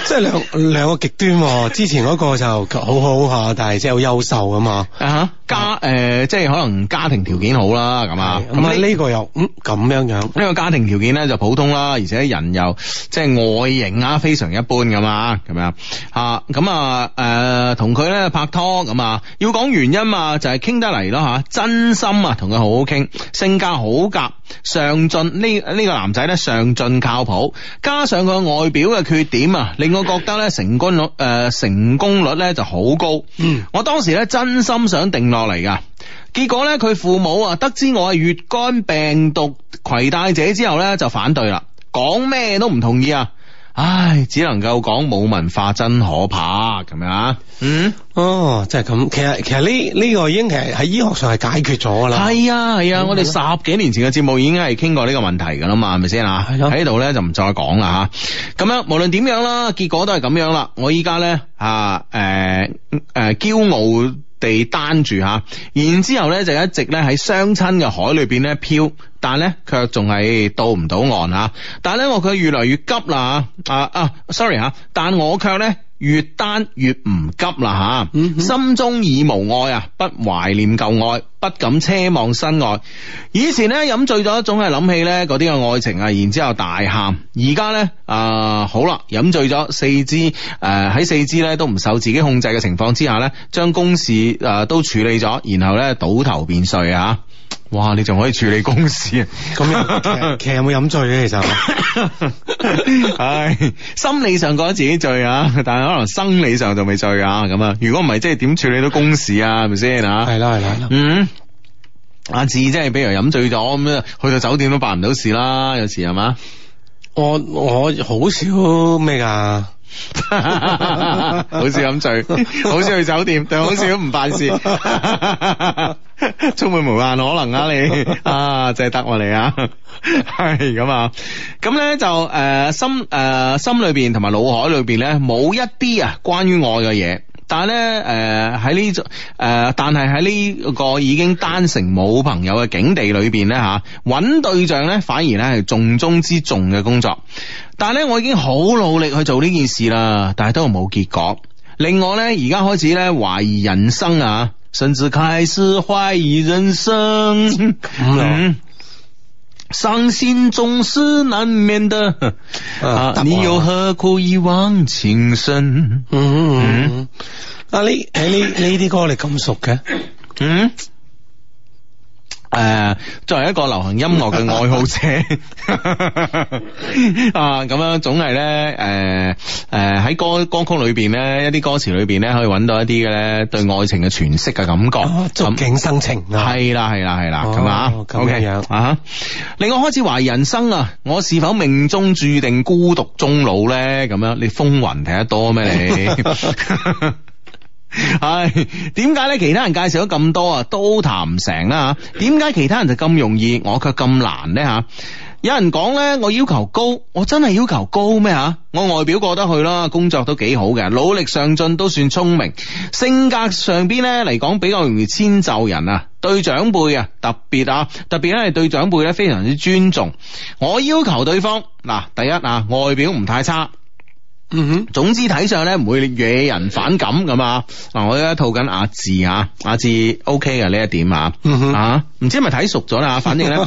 即係兩兩個極端。之前嗰個就好好吓，但係即係好優秀啊嘛。啊、uh huh. 家誒、呃，即係可能家庭條件好啦，咁啊對，咁啊呢個又咁咁樣樣。呢個家庭條件咧就普通啦，而且人又即係外形啊非常一般咁啊，咁樣吓，咁啊誒同佢咧拍拖，咁啊要講原因嘛，就係、係、傾得嚟咯，吓，真心啊同佢好好傾，性格好夾，上進呢呢、呢個男仔咧上進靠譜，加上佢外表嘅缺點啊，令我覺得咧成功率誒、呃、成功率咧就好高。嗯，我當時咧真心想定。落嚟噶，結果咧佢父母啊得知我係乙肝病毒携帶者之後咧就反對啦，講咩都唔同意啊！唉，只能夠講冇文化真可怕，咁樣啊？嗯，哦，即係咁，其實其實呢呢個已經其實喺醫學上係解決咗噶啦。係啊係啊，我哋十幾年前嘅節目已經係傾過呢個問題噶啦嘛，係咪先啊？喺度咧就唔再講啦吓。咁樣無論點樣啦，結果都係咁樣啦。我依家咧啊誒誒驕傲，傲。被單住吓，然之後咧就一直咧喺相親嘅海裏邊咧飄，但咧卻仲係到唔到岸啊，但係咧我佢越嚟越急啦啊啊，sorry 嚇，但我,愈愈、啊啊、Sorry, 但我卻咧。越單越唔急啦吓，心中已無愛啊，不懷念舊愛，不敢奢望新愛。以前咧飲醉咗，總係諗起咧嗰啲嘅愛情啊，然之後大喊。而家咧啊好啦，飲醉咗四肢，誒、呃、喺四肢咧都唔受自己控制嘅情況之下咧，將公事誒都處理咗，然後咧倒頭便睡吓。哇！你仲可以處理公事啊？咁、嗯、其實有冇飲醉咧？其實，唉，心理上覺得自己醉啊，但係可能生理上就未醉啊。咁啊，如果唔係，即係點處理到公事啊？係咪先啊？係啦，係啦，嗯，阿志即係畀人飲醉咗咁啊，去到酒店都辦唔到事啦。有時係嘛，我我好少咩噶。 好少飲醉，好少去酒店，但好少唔辦事，哈哈充滿無限可能啊！你啊，係得我你啊，係咁啊，咁咧就誒心誒，呃、心裏邊同埋腦海裏邊咧冇一啲啊關於愛嘅嘢。但係咧，誒喺呢種誒，但係喺呢個已經單成冇朋友嘅境地裏邊咧，吓搵對象咧，反而咧係重中之重嘅工作。但係咧，我已經好努力去做呢件事啦，但係都冇結果。令我咧而家開始咧懷疑人生啊，甚至開始懷疑人生。咁啦。 嗯 傷心總是難免的，啊啊、你又何苦一往情深？嗯嗯，阿 Lee，哎，你你啲歌你咁熟嘅？嗯。嗯啊誒、呃，作為一個流行音樂嘅愛好者， 啊，咁樣總係咧，誒、呃，誒、呃、喺歌歌曲裏邊咧，一啲歌詞裏邊咧，可以搵到一啲嘅，咧，對愛情嘅詮釋嘅感覺，觸、哦嗯、景生情啊，係啦係啦係啦，咁啊，咁樣啊，令我開始懷疑人生啊，我是否命中注定孤獨終老咧？咁樣你風雲睇得多咩你？ 係點解咧？其他人介紹咗咁多啊，都談唔成啊。吓。點解其他人就咁容易，我卻咁難呢？吓？有人講呢：「我要求高，我真係要求高咩吓？」我外表過得去啦，工作都幾好嘅，努力上進都算聰明。性格上邊咧嚟講，比較容易遷就人啊。對長輩啊，特別啊，特別咧係對長輩咧非常之尊重。我要求對方嗱，第一啊，外表唔太差。嗯哼，總之睇上咧唔會惹人反感咁啊！嗱，我而家套緊阿志啊，阿志 O K 嘅呢一點啊，唔知係咪睇熟咗啦，反正咧，你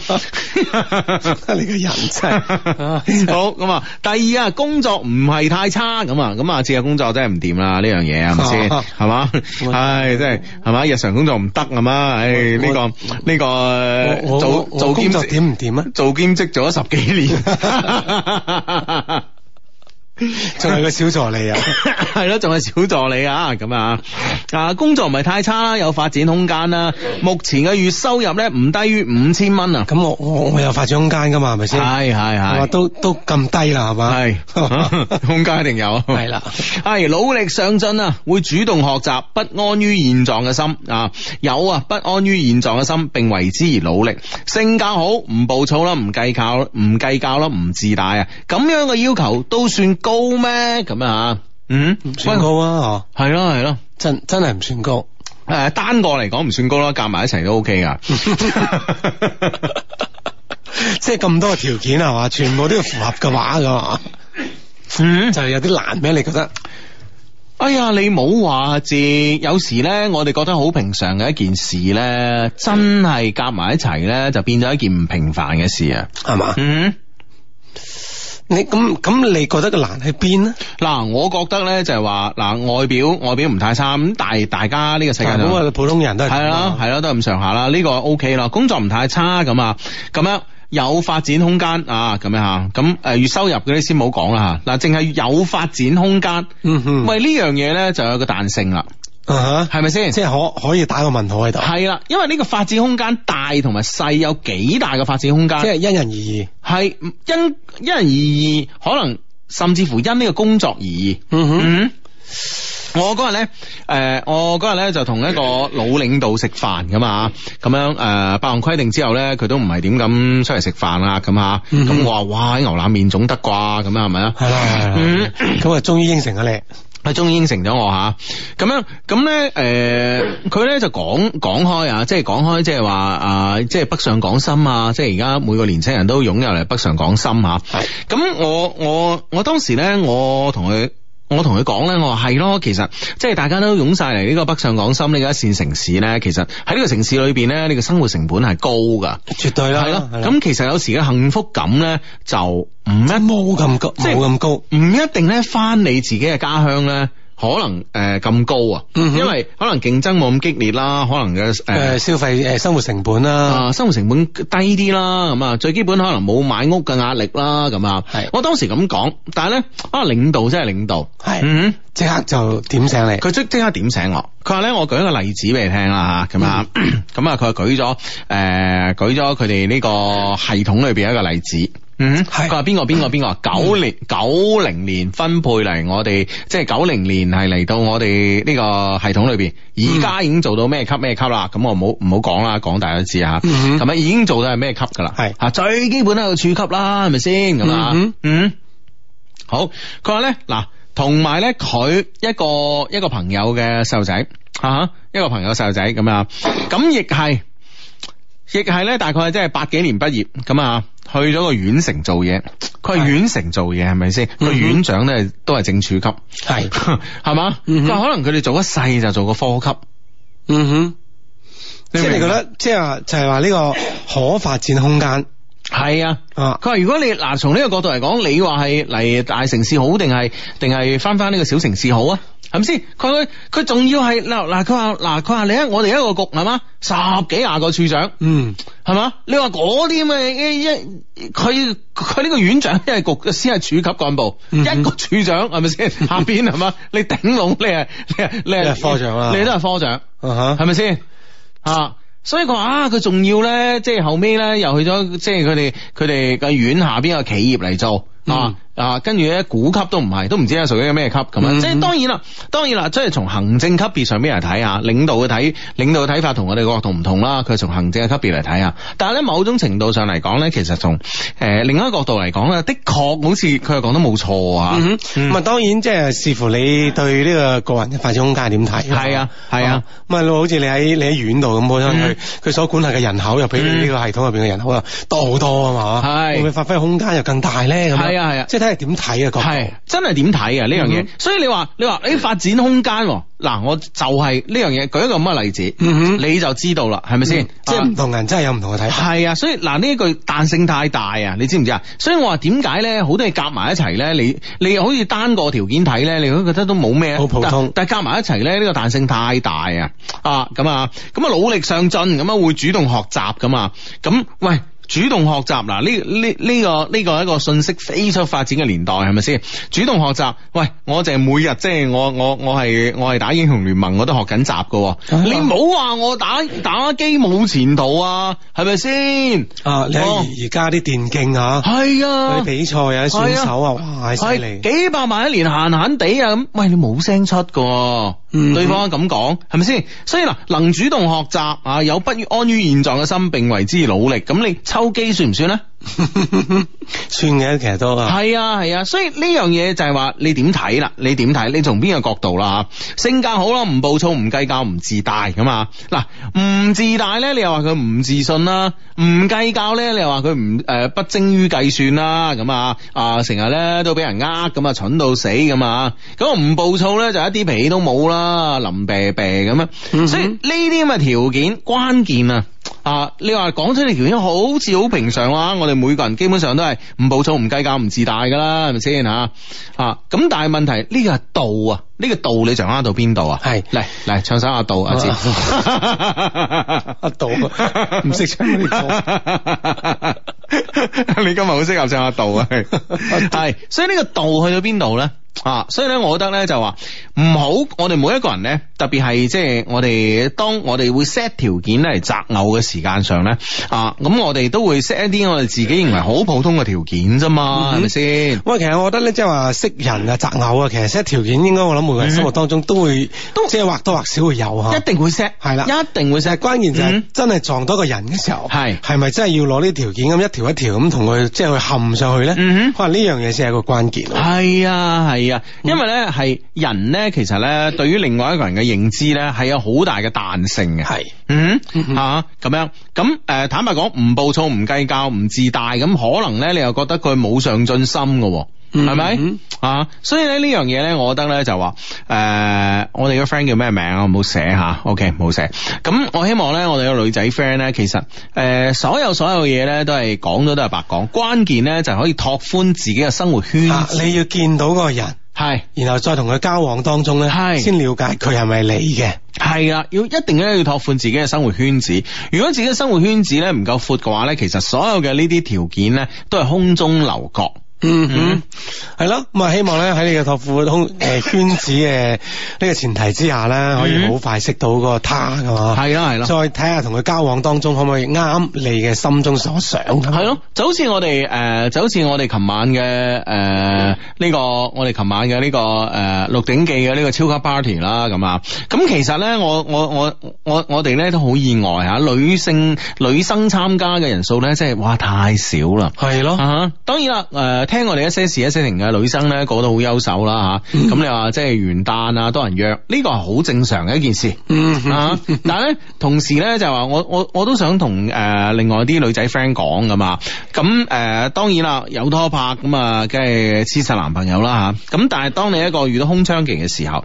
個人真好咁啊！第二啊，工作唔係太差咁啊，咁啊，志嘅工作真係唔掂啦，呢樣嘢係咪先？係嘛？唉，真係係嘛？日常工作唔得咁啊！唉，呢個呢個做做兼職點唔掂啊？做兼職做咗十幾年。仲係個小助理啊，係咯， 仲係小助理啊，咁啊，啊工作唔係太差啦，有發展空間啦，啊。目前嘅月收入咧唔低於五千蚊啊，咁我我我有發展空間噶嘛，係咪先？係係係，都都咁低啦，係咪的？ 空間一定有，係啦的，係 努力上進啊，會主動學習，不安於現狀嘅心啊，有啊，不安於現狀嘅心，並為之而努力。性格好，唔暴躁啦，唔計較，唔計較啦，唔自大啊，咁樣嘅要求都算。高咩咁啊？嗯，唔算高啊，係咯係咯，真真係唔算高。誒、呃，單個嚟講唔算高啦，夾埋一齊都 OK 噶。即係咁多條件係嘛，全部都要符合嘅話咁嗯，就係有啲難咩？你覺得？哎呀，你冇話至，有時咧，我哋覺得好平常嘅一件事咧，真係夾埋一齊咧，就變咗一件唔平凡嘅事啊，係嘛吧？嗯。你咁咁你覺得個難喺邊咧？嗱，我覺得咧就係話，嗱，外表，外表唔太差咁，大大，大家呢個世界咁、就、啊、是，普通人都係，係咯係咯，都係咁上下啦。呢、這個 O K 啦，工作唔太差咁啊，咁樣、啊樣、啊樣啊呃啊、有發展空間啊，咁、嗯、哼樣吓咁誒，月收入嗰啲先唔好講啦吓。嗱，淨係有發展空間，喂呢樣嘢咧就有個彈性啦。啊係咪先？Uh、huh, 吓即係可可以打個問號喺度？係啦，因為呢個發展空間大同埋細，有幾大嘅發展空間？即係因人而異。係因因人而異，可能甚至乎因呢個工作而異。嗯 哼、呃，我嗰日咧，誒，我嗰日咧就同一個老領導食飯噶嘛，咁樣誒，八項規定之後咧，佢都唔係點敢出嚟食飯啦，咁吓，咁我話哇，啲牛腩麵總得啩，咁啊係咪啊？係啦，咁啊終於應承啊你。係終於應承咗我吓，咁樣咁咧，誒，佢、呃、咧就講講開、就是、啊，即係講開，即係話啊，即係北上廣深啊，即係而家每個年輕人都湧入嚟北上廣深吓。咁、啊、我我我當時咧，我同佢。我同佢講咧，我話係咯，其實即係大家都湧晒嚟呢個北上廣深呢個一線城市咧，其實喺呢個城市裏邊咧，呢個生活成本係高噶，絕對啦，係咯的。咁的其實有時嘅幸福感咧就唔一冇咁高，即係冇咁高，唔一定咧返你自己嘅家鄉咧。可能誒咁、呃、高啊，因為可能競爭冇咁激烈啦，可能嘅誒、呃、消費誒生活成本啦、呃，生活成本低啲啦，咁啊，最基本可能冇買屋嘅壓力啦，咁啊，係。我當時咁講，但係咧啊，可能領導真係領導，係，嗯，即刻就點醒你。佢即即刻點醒我，佢話咧，我舉一個例子俾你聽啦嚇，咁啊、嗯，咁啊，佢、呃、舉咗誒舉咗佢哋呢個系統裏邊一個例子。嗯，係佢話邊個邊個邊個九零九零年分配嚟我哋，即係九零年係嚟到我哋呢個系統裏邊，而家已經做到咩級咩級啦？咁我唔好唔好講啦，講大家都知吓。咁啊已經做到係咩級噶啦？係吓最基本都係處級啦，係咪先？咁啊，嗯好。佢話咧嗱，同埋咧佢一個一個朋友嘅細路仔啊，一個朋友細路仔咁樣，咁亦係。亦係咧，大概即係八幾年畢業咁啊，去咗個縣城做嘢。佢係縣城做嘢係咪先？佢院長咧都係正處級，係係嘛？但係，嗯哼，可能佢哋做一世就做個科級。嗯哼，即係你覺得，即係話就係話呢個可發展空間係啊。佢話、啊、如果你嗱，從呢個角度嚟講，你話係嚟大城市好定係定係返返呢個小城市好啊？係咪先？佢佢仲要係嗱嗱，佢話嗱，佢話你喺我哋一個局係嘛，十幾廿個處長，嗯，係嘛？你話嗰啲咪一一佢佢呢個院長一係局先係處級幹部，嗯、一個處長係咪先？嗯、下邊係嘛？你頂籠你係你係你係科長啦，你都係科長，嗯係咪先？啊，所以話啊，佢仲要咧，即係後尾咧，又去咗即係佢哋佢哋嘅院下邊嘅企業嚟做啊。嗯啊，跟住咧，股級都唔係，都唔知係屬於咩級咁樣！即係當然啦，當然啦，即係從行政級別上面嚟睇下，領導嘅睇，領導嘅睇法同我哋個角度唔同啦。佢從行政嘅級別嚟睇下，但係咧某種程度上嚟講咧，其實從誒另一個角度嚟講咧，的確好似佢講得冇錯啊！咁啊，當然即係視乎你對呢個個人嘅發展空間點睇。係啊，係啊，咁啊，好似你喺你喺縣度咁，本身佢佢所管轄嘅人口又比呢個系統入邊嘅人口多好多啊嘛，係會唔會發揮空間又更大咧？係啊，係啊，即即係點睇啊？係真係點睇啊？呢樣嘢，所以你話你話啲發展空間嗱，啊，我就係呢樣嘢。舉一個咁嘅例子，嗯、哼你就知道啦，係咪先？即係唔同人真係有唔同嘅睇法。係啊，啊，所以嗱呢一句彈性太大啊，你知唔知啊？所以我話點解咧，好多嘢夾埋一齊咧，你你又好似單個條件睇咧，你都覺得都冇咩，好普通。但係夾埋一齊咧，呢、這個彈性太大啊！啊咁啊，咁啊努力上進，咁啊會主動學習㗎嘛？咁、啊、喂？主動學習嗱，呢呢呢個呢、這個、這個這個、一個信息，飛速發展嘅年代係咪先？主動學習，喂，我淨係每日即係我我我係我係打英雄聯盟，我都學緊習噶。你唔好話我打打機冇前途啊，係咪先？啊，而而家啲電競啊，係、哦、啊，比賽啊，選手啊，啊哇，犀利！幾百萬一年，閒閒哋啊咁，喂，你冇聲出噶、啊。嗯，對方咁講係咪先？所以嗱，能主動學習啊，有不於安於現狀嘅心，並為之努力，咁你抽機算唔算咧？算 嘅，其實多啊。係啊，係啊，所以呢樣嘢就係話你點睇啦？你點睇？你從邊個角度啦、啊？性格好啦、啊，唔暴躁，唔計較，唔自大咁啊。嗱、啊，唔自大咧，你又話佢唔自信啦、啊；唔計較咧，你又話佢唔誒不精於計算啦。咁啊，成日咧都俾人呃、啊，咁啊蠢到死咁啊。咁唔暴躁咧，就一啲脾氣都冇啦，腍啤啤咁啊。滑滑啊嗯、哼所以呢啲咁嘅條件關鍵啊。啊！你話講出嚟條件好似好平常啊，我哋每個人基本上都係唔暴躁、唔計較、唔自大噶啦，係咪先吓吓？咁但係問題呢個係道啊，呢個道你掌握到邊度啊？係嚟嚟唱首阿道阿哲，阿道唔識唱暴躁，你今日好適合唱阿道啊！係係，所以呢個道去到邊度咧？啊，所以咧，我覺得咧就話唔好，我哋每一個人咧，特別係即係我哋當我哋會 set 條件嚟擇偶嘅時間上咧，啊，咁我哋都會 set 一啲我哋自己認為好普通嘅條件啫嘛，係咪先？是不是喂，其實我覺得咧，即係話識人啊，擇偶啊，其實 set 條件應該我諗每個人生活當中都會都、嗯、哼即係或多或少會有吓，嗯、哼一定會 set 係啦，一定會 set，關鍵就係嗯、哼真係撞到一個人嘅時候，係係咪真係要攞呢條件咁一條一條咁同佢即係去冚上去咧？嗯、哼可能呢樣嘢先係一個關鍵。係啊，係。因為咧係人咧，其實咧對於另外一個人嘅認知咧，係有好大嘅彈性嘅，係嗯吓咁樣咁誒，坦白講唔暴躁、唔計較、唔自大，咁可能咧你又覺得佢冇上進心嘅。係咪、mm hmm. 啊？所以咧呢樣嘢呢，我覺得呢就話誒、呃，我哋個 friend 叫咩名我啊？唔好寫吓，OK，唔好寫。咁我希望呢，我哋個女仔 friend 呢，其實誒、呃，所有所有嘢呢都係講咗都係白講。關鍵呢，就係、是、可以拓寬自己嘅生活圈子，啊。你要見到個人，係是，然後再同佢交往當中呢，先是了解佢係咪你嘅。係啊，要一定呢，要拓寬自己嘅生活圈子。如果自己嘅生活圈子呢唔夠闊嘅話呢，其實所有嘅呢啲條件呢，都係空中樓閣。嗯哼，係 咯樂，咁啊希望咧喺你嘅托付通誒、呃、圈子嘅呢個前提之下咧，可以好快識到個他，係嘛？係啦係啦，再睇下同佢交往當中可唔可以啱你嘅心中所想。係咯，就好似我哋誒、呃，就好似我哋琴晚嘅誒呢個我哋琴晚嘅呢、這個誒《鹿、呃、鼎記》嘅呢個超級 party 啦，咁啊，咁其實咧我我我我我哋咧都好意外吓、呃，女性女生參加嘅人數咧，即係哇太少啦。係咯的，啊，當然啦，誒、呃。聽我哋一些事一些情嘅女生咧，過到好優秀啦吓，咁 你話即係元旦啊，多人約呢個係好正常嘅一件事啊！ 但係咧，同時咧就話我我我都想同誒另外啲女仔 friend 講噶嘛，咁誒、呃、當然啦，有拖拍咁啊，梗係黐晒男朋友啦吓，咁但係當你一個遇到空窗期嘅時候。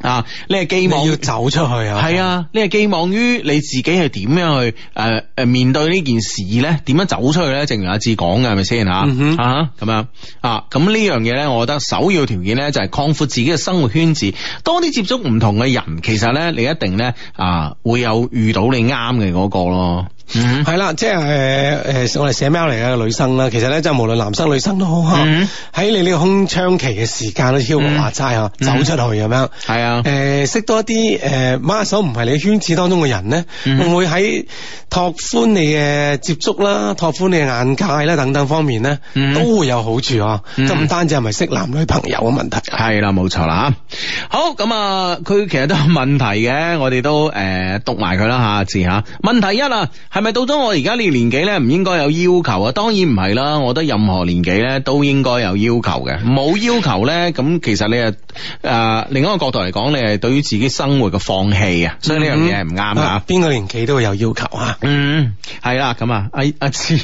啊！你係寄望要走出去啊，係啊！你係寄望於你自己係點樣去誒誒、呃、面對呢件事咧？點樣走出去咧？正如阿志講嘅係咪先吓？啊咁樣啊！咁呢樣嘢咧，我覺得首要條件咧就係擴闊自己嘅生活圈子，多啲接觸唔同嘅人，其實咧你一定咧啊會有遇到你啱嘅嗰個咯。係啦，即係誒誒，我哋寫 mail 嚟嘅女生啦，其實咧，就係無論男生女生都好，喺你呢個空窗期嘅時間都超過話齋啊，走出去咁樣。係啊，誒，識多啲誒，孖手唔係你圈子當中嘅人咧，會唔會喺拓寬你嘅接觸啦、拓寬你嘅眼界啦等等方面咧，都會有好處啊。就唔單止係咪識男女朋友嘅問題。係啦，冇錯啦。好，咁啊，佢其實都有問題嘅，我哋都誒讀埋佢啦，下字吓。問題一啊。係咪到咗我而家呢個年紀咧，唔應該有要求啊？當然唔係啦，我覺得任何年紀咧都應該有要求嘅。冇要求咧，咁其實你啊，誒，另一個角度嚟講，你係對於自己生活嘅放棄啊，所以呢樣嘢係唔啱啊。邊個年紀都會有要求啊？嗯，係啦，咁啊，阿阿志，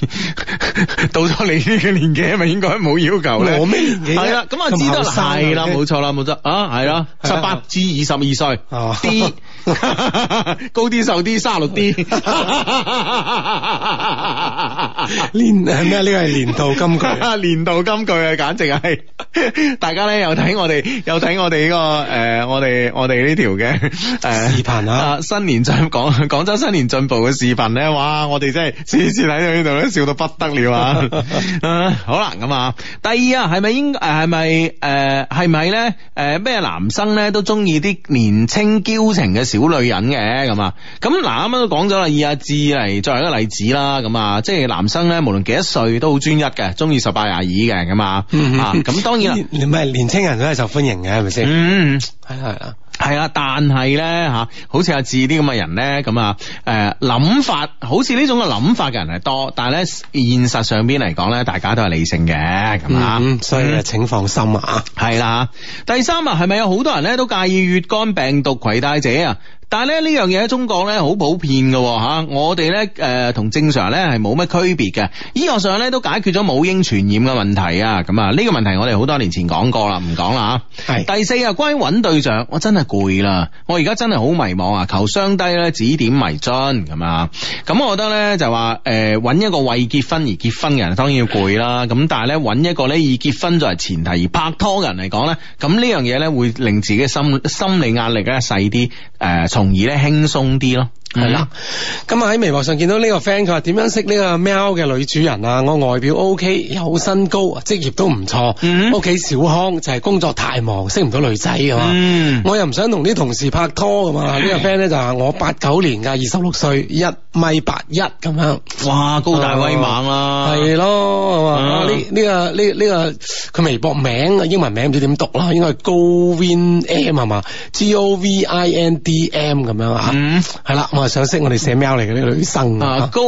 到咗你呢個年紀咪應該冇要求咧？冇咩年紀？係啦，咁啊，知得啦，係啦，冇錯啦，冇錯啊，係咯，十八至二十二歲。哦。 高啲瘦啲卅六啲， 年誒咩？呢個係年度金句， 年度金句啊！簡直係 大家咧，又睇我哋，又睇我哋呢、這個誒、呃，我哋我哋呢條嘅誒視頻啊！新年進廣廣州新年進步嘅視頻咧，哇！我哋真係次次喺到呢度咧，笑到不得了 啊！好啦，咁啊，第二啊，係咪應該誒係咪誒係咪咧？誒咩、呃呃、男生咧都中意啲年青嬌情嘅？小女人嘅咁啊，咁嗱啱啱都講咗啦，以阿志嚟作為一個例子啦，咁 啊，即係男生咧，無論幾多歲都好專一嘅，中意十八廿二嘅，咁啊，咁當然啦，你唔係年青人都係受歡迎嘅，係咪先？嗯，係啦，係啦。係啊，但係咧吓，好似阿志啲咁嘅人咧，咁啊，誒、啊、諗法，好似呢種嘅諗法嘅人係多，但係咧現實上邊嚟講咧，大家都係理性嘅，咁、嗯、啊，所以咧、嗯、請放心啊，係啦。第三啊，係咪有好多人咧都介意乙肝病毒携帶者啊？但係咧呢樣嘢喺中國呢，好普遍嘅吓，我哋呢，誒，同正常呢係冇乜區別嘅，醫學上呢都解決咗母嬰傳染嘅問題啊。咁啊呢個問題我哋好多年前講過啦，唔講啦。第四啊，關於揾對象，我真係攰啦，我而家真係好迷茫啊，求雙低咧指點迷津咁啊。咁我覺得呢就話誒，揾一個為結婚而結婚嘅人，當然要攰啦。咁但係呢，揾一個呢以結婚作為前提而拍拖嘅人嚟講呢，咁呢樣嘢呢會令自己心心理壓力咧細啲誒。呃從而咧輕鬆啲咯。係啦，咁啊喺微博上見到呢個 friend 佢話點樣識呢個貓嘅女主人啊？我外表 O、OK, K，有身高，職業都唔錯，屋企、mm hmm. 小康，就係、是、工作太忙，識唔到女仔係嘛？Mm hmm. 我又唔想同啲同事拍拖噶嘛？呢、mm hmm. 個 friend 咧就話我八九年噶，二十六歲，一米八一咁樣。哇，高大威猛啦、啊，係咯、啊，啊呢呢個呢呢、這個佢、這個這個、微博名啊英文名唔知點讀啦，應該係 g, m, g o v i n M 係嘛？G O V I N D M 咁樣啊？嗯、mm，係、hmm. 啦。想識我哋寫喵嚟嘅啲女生啊高。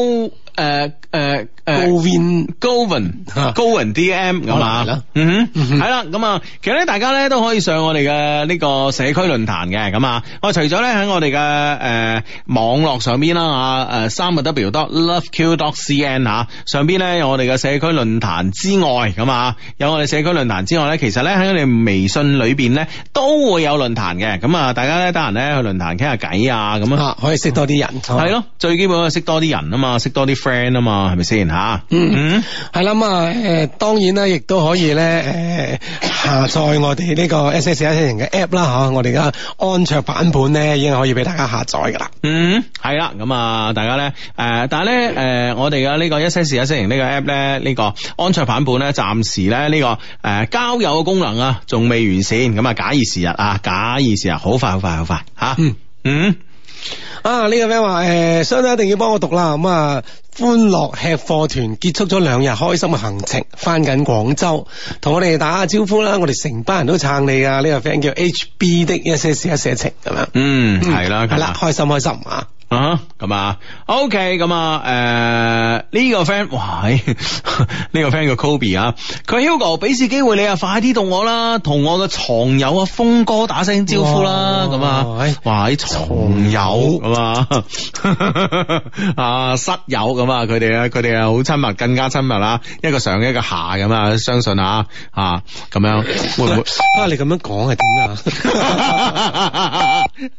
誒誒誒、uh, uh, uh,，Govin，Govin，Govin D M 咁啊，係咯，嗯哼，係啦，咁啊，其實咧，大家咧都可以上我哋嘅呢個社區論壇嘅，咁啊，我除咗咧喺我哋嘅誒網絡上邊啦啊，誒，三個 W.DOT.LOVEQ.DOT.CN 吓上邊咧有我哋嘅社區論壇之外，咁啊，有我哋社區論壇之外咧，其實咧喺我哋微信裏邊咧都會有論壇嘅，咁啊，大家咧得閒咧去論壇傾下偈啊，咁啊，可以識多啲人，係咯、啊，最基本係識多啲人啊嘛，識多啲。friend 啊嘛，係咪先吓？嗯嗯，係啦，咁啊，誒， 嗯、當然啦，亦都可以咧，誒，下載我哋呢個 S APP, s X S 型嘅 app 啦，吓，我哋嘅安卓版本咧已經可以俾大家下載噶啦。嗯，係啦，咁啊，大家咧，誒，但係咧，誒，我哋嘅呢個 S s X S 型呢個 app 咧，呢個安卓版本咧，暫時咧呢個誒交友嘅功能啊，仲未完善，咁啊，假以時日啊，假以時日，好快，好快，好快，吓、啊，嗯嗯。嗯啊！呢、這個 friend 話誒 Sunday 一定要幫我讀啦。咁、嗯、啊，歡樂吃貨團結束咗兩日開心嘅行程，翻緊廣州，同我哋打下招呼啦。我哋成班人都撐你啊，呢、這個 friend 叫 HB 的一些事一些情咁樣。嗯，係啦、嗯，係啦、嗯的，開心開心啊！啊，咁啊，OK，咁啊，誒，呢 個 friend，喂，呢個 friend 叫 Kobe 啊，佢 Hugo，俾次機會你啊，快啲同我啦，同我嘅床友啊，峯哥打聲招呼啦，咁啊，喂，床友，咁啊，啊，室友，咁啊，佢哋啊，佢哋啊，好親密，更加親密啦，一個上，一個下，咁啊，相信啊，啊，咁樣會唔會啊？你咁樣講係點啊？